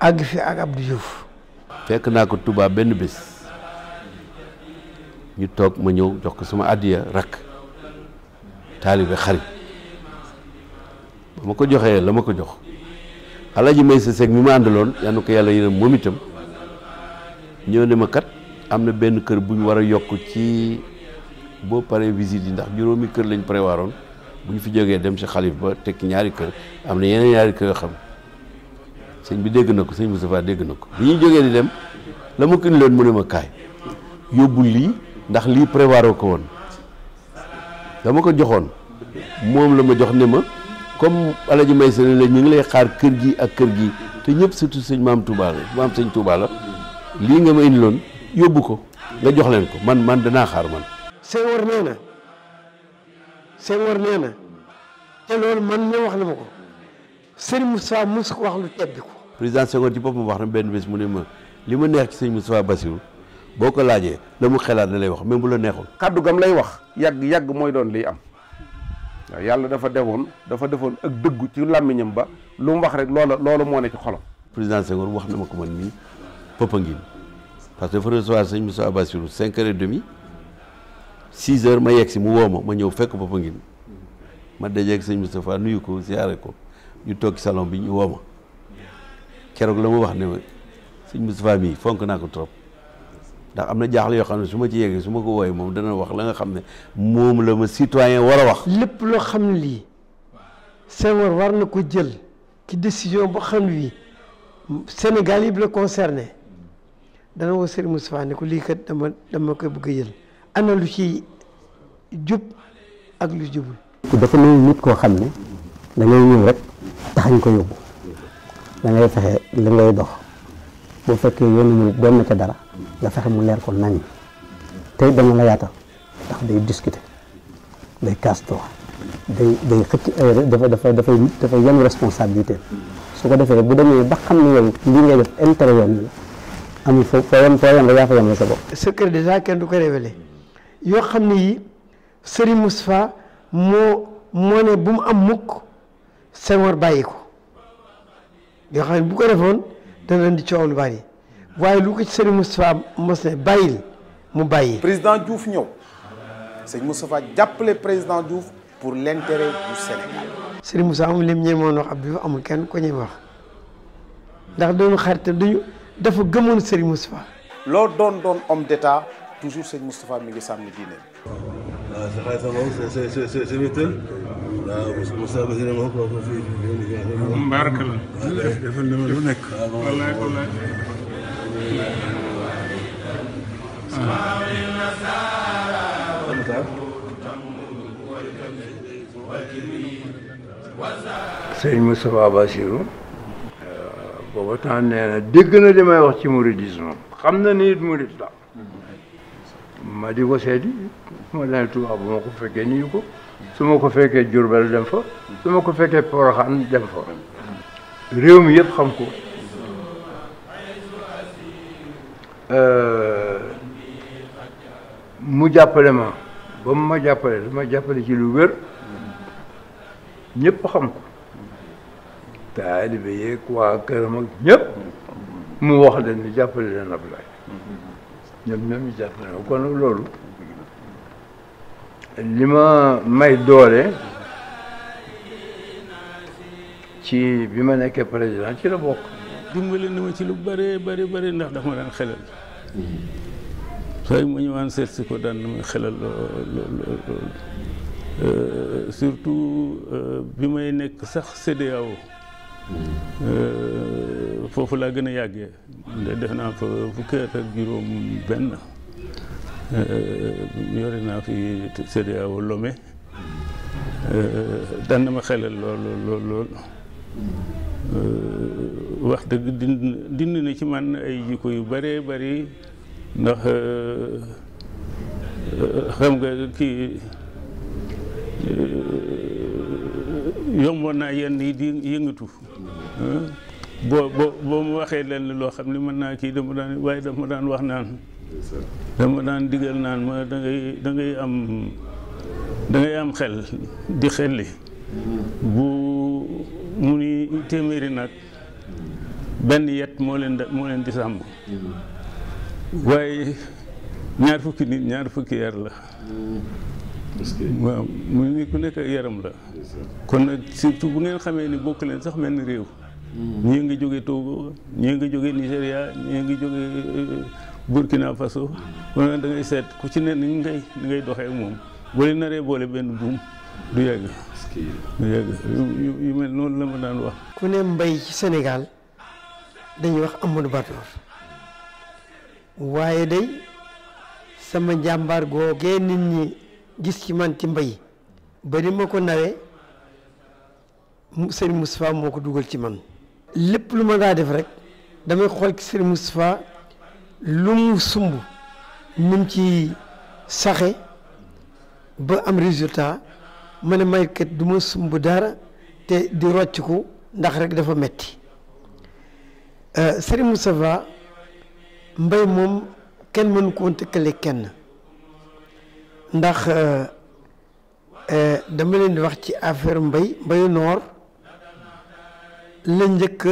àgg fi ak Abdou Diouf. fekk naa ko Touba benn bés. ñu toog ma ñëw jox ko sama àddiya rakk taalibe xarit ba ma ko joxee la ma ko jox Alaaji may sa seeg mi ma àndaloon yal na ko yàlla yéen moom itam ñëw ne ma kat am na benn kër buñ war a yokk ci boo paree visite yi ndax juróomi kër lañ préwaroon bu ñu fi jógee dem si xalif ba tekki ñaari kër am na yeneen ñaari kër yoo xam sëñ bi dégg na ko sëñ Moustapha dégg na ko bi ñuy jógee di dem la ma ko indiloon mu ne ma kaay yóbbu lii ndax lii prévoir ko woon dama ko joxoon moom la ma jox ne ma comme Alaji May Sene la ñu ngi lay xaar kër gi ak kër gi te ñëpp surtout sëñ maam Touba la sëñ Touba la lii nga ma indiloon yóbbu ko nga jox leen ko man man danaa xaar man. Senghor nee na Senghor nee na te loolu man ñoo wax na ma ko sëñ Moussa mos wax lu tebbi ko. président Senghor ci boppam wax na benn bés mu ne ma li ma neex ci sëñ Moussa Bassirou. boo ko laajee la mu xelaat da lay wax même bu la neexul kàddu gam lay wax yàgg-yàgg mooy doon liy am waaw yàlla dafa defoon dafa defoon ak dëggu ci làmmiñam ba lu mu wax rek loola loolu moo nekk ci xolam président Senghor wax na ma ko man mii Popenguine parce que dafa recevoir sëñ Moussa Bassirou cinq heures et demi six heures ma yegg si mu woo ma ñëw fekk Popenguine ma dajeeg sëñ Moustapha nuyu ko siyaare ko ñu toog ci salon bi ñu woo ma keroog la ma wax ne ma sëñ Moustapha fonk naa ko ndax am na jaaxle yoo xam ne su ma ci yeggee su ma ko wooyee moom dana wax la nga xam ne moom la ma sitoyen war a wax. lépp loo xam ne lii Senghor war na ko jël ci décision bu xam ne bii Sénégal yëpp la concerné dana woo Serigne Moustapha ne ko lii kat dama dama koy bëgg a jël ana lu ci jub ak lu jubul. dafa nuyu nit koo xam ne da ngay ñëw rek taxañ ko yóbbu da ngay fexe fekkee yoonu nit doon na ko dara. nga fexe mu leer ko nañ tey dana la yaatal ndax day discuter day casse droit day day xëcc dafa euh, dafa dafay responsabilité su ko defee bu demee ba xam ne yow lii ngay def intérêt yoon la amul foo foo foo yem rek yaa fa yem sa bopp. secret déjà kenn du ko révélé yoo xam ne yi Serigne Moustapha moo moo ne bu mu am mukk Senghor bàyyi ko yoo xam ne bu ko defoon dana indi coow lu bari. waaye lu ko ci sëriñ Moustapha mos bàyyil mu bàyyi. président Diouf ñëw sëñ Moustapha jàppale président Diouf pour l' intérêt du Sénégal. sëriñ Moustapha moom lim ñeemoon wax Abdou amul kenn ko ñem wax ndax doonu xarit dañu dafa gëmoon sëriñ Moustapha. loo doon doon homme d' état toujours sëñ Moustapha mi ngi sàmm diine. waaw sa xarit moom sa sa nekk. sëñ Moustapha Bassirou booba temps nee na dégg na li may wax ci mouridisme xam na ni it murid la ma di ko ma dana Tuubaa bu ma ko fekkee nii ko su ma ko fekkee Jurbel dem fa su ma ko fekkee Poroxaan dem fa réew mi yëpp xam ko Euh, mu jàppale ma ba mu ma jàppale ma jàppale ci lu wér ñëpp xam ko taalibe yeeg waa këram ak ñëpp mu wax leen ni jàppale leen Ablaye ñoom ñoom ñu jàppale ma kon loolu li ma may doole ci bi ma nekkee président ci la bokk dimbali na ma ci lu bare bari bari ndax dafa ma daan xelal sooy mu ñëwaan seet si ko daan muy xelal euh, surtout euh, bi may nekk sax CEDEAO euh, foofu laa gën a yàggee def naa fa fukki at juróom benn yore naa fi CEDEAO Lomé daan xelal lool lool wax dëgg dind na ci man ay jikko yu bëree bëri ndax euh, euh, xam nga kii euh, yomboon naa yenn yi di yëngatu boo boo boo mu waxee lenn loo xam ne mën naa kii dama daan waaye dama daan wax naan dama daan digal naan ma da dangay da am da am xel di xelli bu mu ni téeméeri nag benn yet moo leen da moo leen di sàmm waaye ñaar fukki nit ñaar fukki yar la waaw mu ni ku nekk yaram la kon nag surtout bu ngeen xamee ni bokk leen sax mel ni réew ñii ngi jóge Togo ñii ngi jóge Nigéria ñii ngi jóge eh, Burkina Faso kon nag da ngay seet ku ci ne ni ngay ni ngay doxee ak moom boo leen naree boole benn buum du yàgg du yàgg yu mel noonu la ma daan wax ku ne mbay ci Sénégal dañuy wax amul batoor waaye day sama njàmbaar googee nit ñi gis ci man ci mbay ba ni ma ko nawee sëriñ Moustapha moo ko dugal ci man lépp lu ma daa def rek damay xool ci sëriñ Moustapha lu mu sumb num ci saxe ba am résultat ma ne may kat du ma sumb dara te di rocc ko ndax rek dafa metti Euh, Serigne Moustapha mbay moom kenn mënu ko woon tëkkale kenn ndax euh, euh, dama leen di wax ci affaire mbay mbayu noor la njëkk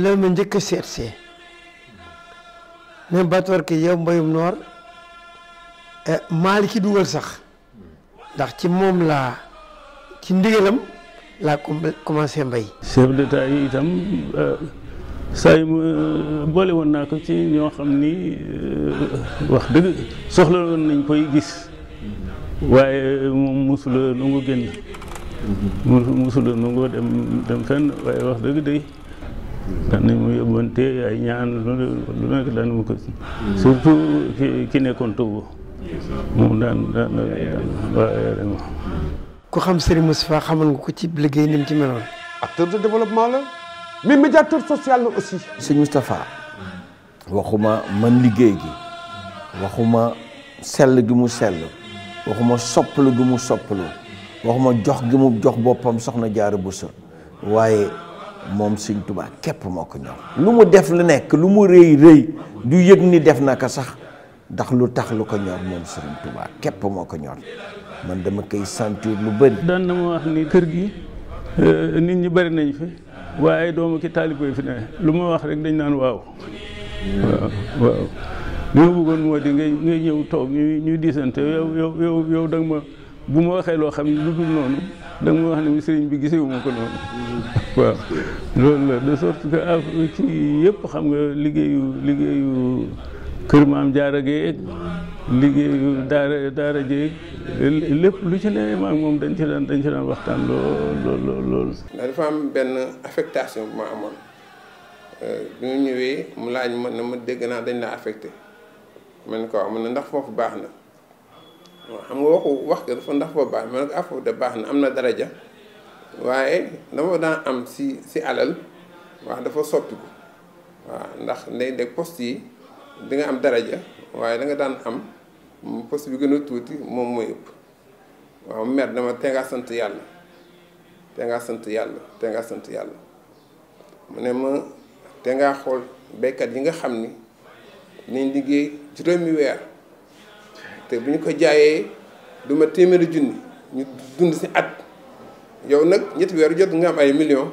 la ma njëkk a seetsee ne batoor ki yow mbayum noor maali ci dugal sax ndax ci moom laa ci ndigalam laa commencé mbay chef saa yi euh, boole woon naa ko ci ñoo xam ni euh, wax dëgg soxla woon nañ koy gis waaye euh, moom mosula nangu génn mosula nangu dem dem fenn waaye wax dëgg day daan nañ mu yóbbante ay ñaan lu nekk daan mu ko surtout ki nekkoon Touba moom daan daan waaye rek ku xam Serigne Moustapha xamal nga ko ci liggéey ni ci meloon acteur de développement la mais médiateur social la aussi. sëñ Moustapha waxuma man liggéey gi waxuma sell gi mu sell waxuma soppalu gi mu soppalu waxuma jox gi mu jox boppam soxna Jaara Bousso waaye moom sëñ Tuubaa képp moo ko ñor. lu mu def lu nekk lu mu rëy rëy du yëg ni def na ko sax ndax lu tax ko ñor képp moo ko ñor man dama koy sentir lu bëri. daan na ma wax ni kër gi euh, nit ñi bari nañ fi. waaye doomu ki taalibe yi fi ne lu ma wax rek dañ naan waaw waaw waaw li ma bëggoon moo di ngay ngay ñëw toog ñuy ñuy diisante yow yow yow yow da ma bu ma waxee loo xam ne lu dul noonu da ma wax ne sëriñ bi gisee wu ma ko noonu waaw loolu la de sorte que Afrique ci yëpp xam nga liggéeyu liggéeyu kër maam jaaragee liggéeyu daara daara jéeg lépp lu ci ne maag moom dañ ci daan dañ ci daan waxtaan lool lool lool lool. ndax dafa am benn affectation bu ma amoon bi ñëwee mu laaj ma ne ma dégg naa dañ la affecté man ko wax mu ne ndax foofu baax na waaw xam wax dafa ndax foofu baax na ma ah, de baax na am na daraja waaye dama daan am si si alal wax dafa soppiku waaw ndax ndey de post yi di nga am daraja waaye danga daan am. poste bi gën a tuuti moom mooy ëpp waaw maire dama tey ngaa sant yàlla te nga sant yàlla mu ne ma te ngaa xool baykat yi nga xam ni nañ liggéey juróomi weer te bu ñu ko jaayee du ma téeméeri junni ñu dund si at yow nag ñetti weer jot nga am ay million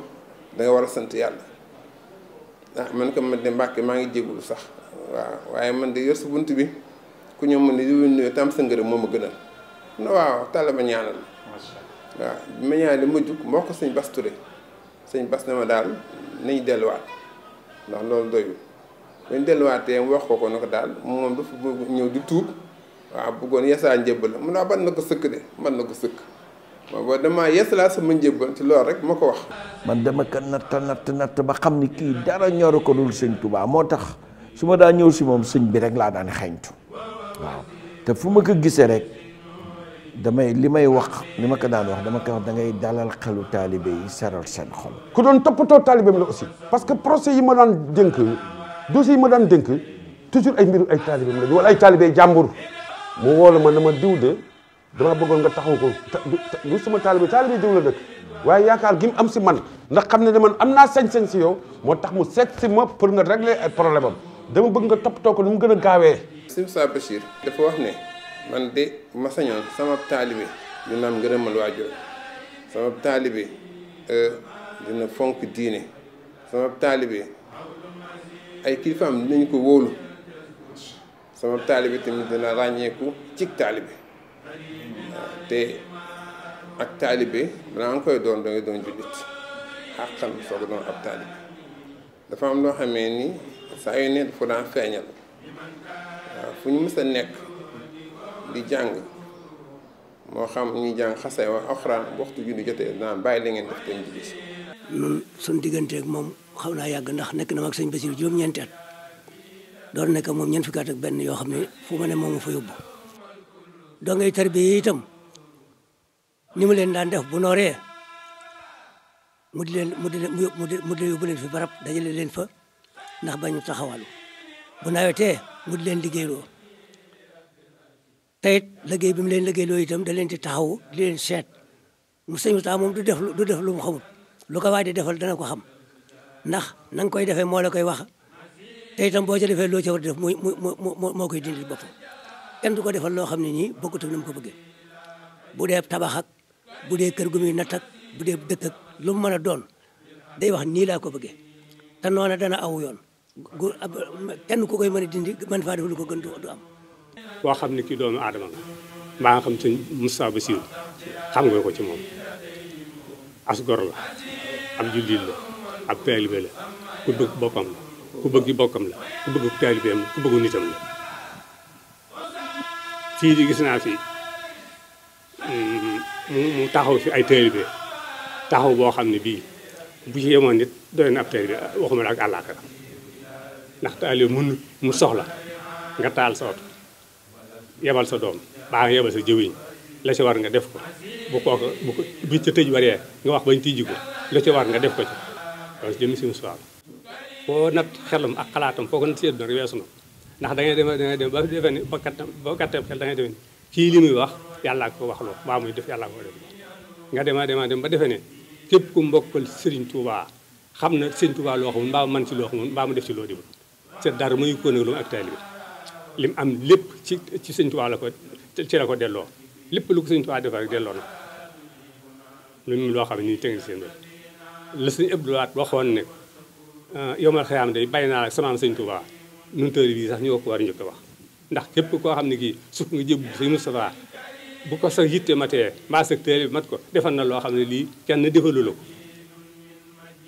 da nga war a sant yàlla ah man ko man de mbàkke maa ngi jégulu sax waaw waaye man de yor si bunt bi ku ñëw ma ni yow nuyoo tam sa ngërëm moo ma gënal na waaw tàlla ma ñaanal waaw bi ma ñaanal ma jug ko sëñ Bas Touré sëñ Bas ne ma daal nañ delluwaat ndax loolu doyul bañ delluwaatee mu wax ko ko ne daal moom dafa bëgg ñëw di tuub waaw bëggoon yesaa njëbbal la mun ne ah, ban na ko sëkk de man na ko sëkk waaw damaa yeesalaa sama njëbbal ci lool rek ma ko wax man dama ko natt natt natt ba xam ni kii dara ñoru ko dul sëñ Touba moo tax su ma daa ñëw si moom sëñ rek laa daan xeeñtu waaw te fu ma ko gisee rek damay li may wax li ma ko daan wax dama koy wax da ngay dalal xelu taalibe yi seral seen xol. ku doon toppatoo taalibe mi la aussi. parce que procès yi ma daan dénk dossiers yi ma daan dénk toujours ay mbiru ay taalibe mi la wala ay taalibe jàmbur mu wool ma na ma diw de damaa bëggoon nga taxaw ko du sama taalibe taalibe diw la dëkk waaye yaakaar gi mu am si man ndax xam ne dama man am naa sañ-sañ si yow moo tax mu seet si ma pour nga régler ay problème am dama bëgg nga toppatoo ko nu mu gën a gaawee. Sëñ Moussa Bachir dafa wax ne man de ma sañoon sama taalibe dina am ngërëmal waajur sama taalibe euh, dina fonk diine sama taalibe ay kilifaam dinañ ko wóolu sama taalibe tamit dina ràññeeku cig taalibe waaw te ak taalibe balaa nga koy doon dangay doon jullit xàqan soog doon ab taalibe dafa am loo xamee ni saa yu ne dafa daan feeñal fu ñu mës a nekk di jàng moo xam ñuy jàng xase wa alxuraan bu waxtu julli jotee daan bàyyi la def te ñu gis. ñun digganteeg moom xaw naa yàgg ndax nekk na ma ak sëñ Basir juróom-ñeenti at doon nekk moom ñeent fukki at benn yoo xam ne fu ma ne moom fa yóbbu. doo ngay tarbiya yi itam ni mu leen daan def bu nooree mu di leen mu di leen mu di yóbbu leen fi barab dajale leen fa ndax bañu taxawal bu nawetee mu di leen liggéeyloo te it liggéey bi mu leen liggéey loolu itam da leen di taxawu di leen seet mu sëñ Moustapha moom du def du def lu mu xamul lu ko waay di defal dana ko xam ndax na nga koy defee moo la koy wax te itam boo ca defee loo ca war def muy moo koy dindi boppam kenn du ko defal loo xam ne nii bokkut ak ni ko bëggee bu dee tabax ak bu dee kër gu muy natt ak bu dee dëkk ak mën a doon day wax nii laa ko bëggee te noona dana aw yoon kenn ku koy mën a dindi mën faa def lu ko gën du am koo xam ne kii doomu aadama la mbaa nga xam sëñ Moustapha Bassirou xam nga ko ci moom as la ab jullit la ab taalibe la ku bëgg boppam ku bëgg bokkam la ku bëgg taalibeem la ku bëggu nitam la fii di gis naa fi mu taxaw fi ay taalibe taxaw boo xam ne bii bu ci yemoon nit doy na ab taalibe waxuma la ak àllaaxira ndax taalibe mun mu soxla nga taal sa oto yebal sa doom baa nga yebal sa jëwiñ la ci war nga def ko bu kooku bu ko bu ca tëj waree nga wax bañ tijji ko la ci war nga def ko ci loolu jëm si musuwaal foo nat xelam ak weesu na ndax da ngay dem da ngay dem ba defee ni ba kat ba katteem xel kii li muy wax yàllaa ko wax loo baa muy def yàllaa ko def nga demaa dema dem ba defe ne képp ku mbokkal Serigne Touba xam na Serigne Touba loo xamul mbaa man ci loo xamul mbaa mu def ci loo dibul c'est dara muy ko nag lu ak taalibe lim am lépp ci ci sëñ Tuubaa la ko ci la ko delloo lépp lu ko sëñ Tuubaa defar rek delloo na ñun loo xam ne ñuy tënk seen la sëñ Abdou Lahat waxoon ne yow ah, yomal xëyaam day bàyyi naa la samaam sëñ Tuubaa nun tëri bii sax ñu ko war a njëkk wax ndax képp koo xam ne kii sukk nga jëb sëñ Moustapha bu ko sax yitte matee mbaa sa tëri bi mat ko defal na loo xam ne lii kenn defalu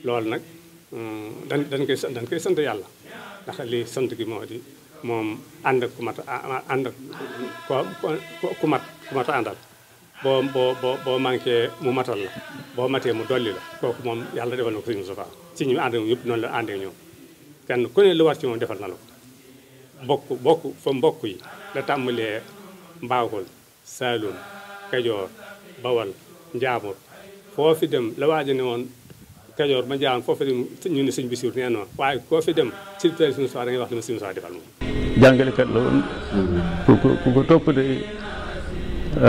loolu nag mm, dan dañ koy dañ koy sant yàlla ndax lii sant gi moo di moom ànd ak ku mat ànd ak ku mat ku mat a àndal boo boo boo boo manqué mu matal la boo matee mu dolli la kooku moom yàlla defal na ko sëñ Moustapha si ñu ànd ak ñëpp noonu la àndee ñoom kenn ku ne lu war ci moom defal na la ko bokk bokk fa mbokk yi la tàmbalee mbaagul saalum kajoor bawal njaamur foo fi dem la waaja ne woon kajoor ba njaamur foo fi dem ñu ne sëñ Basiru nee na waaye koo fi dem si suñu soir da ngay wax li ma suñu soir defal moom jàngalekat la woon ku ko ku ko topp de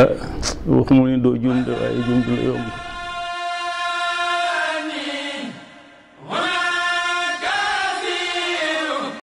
ah doo juum waaye juum du la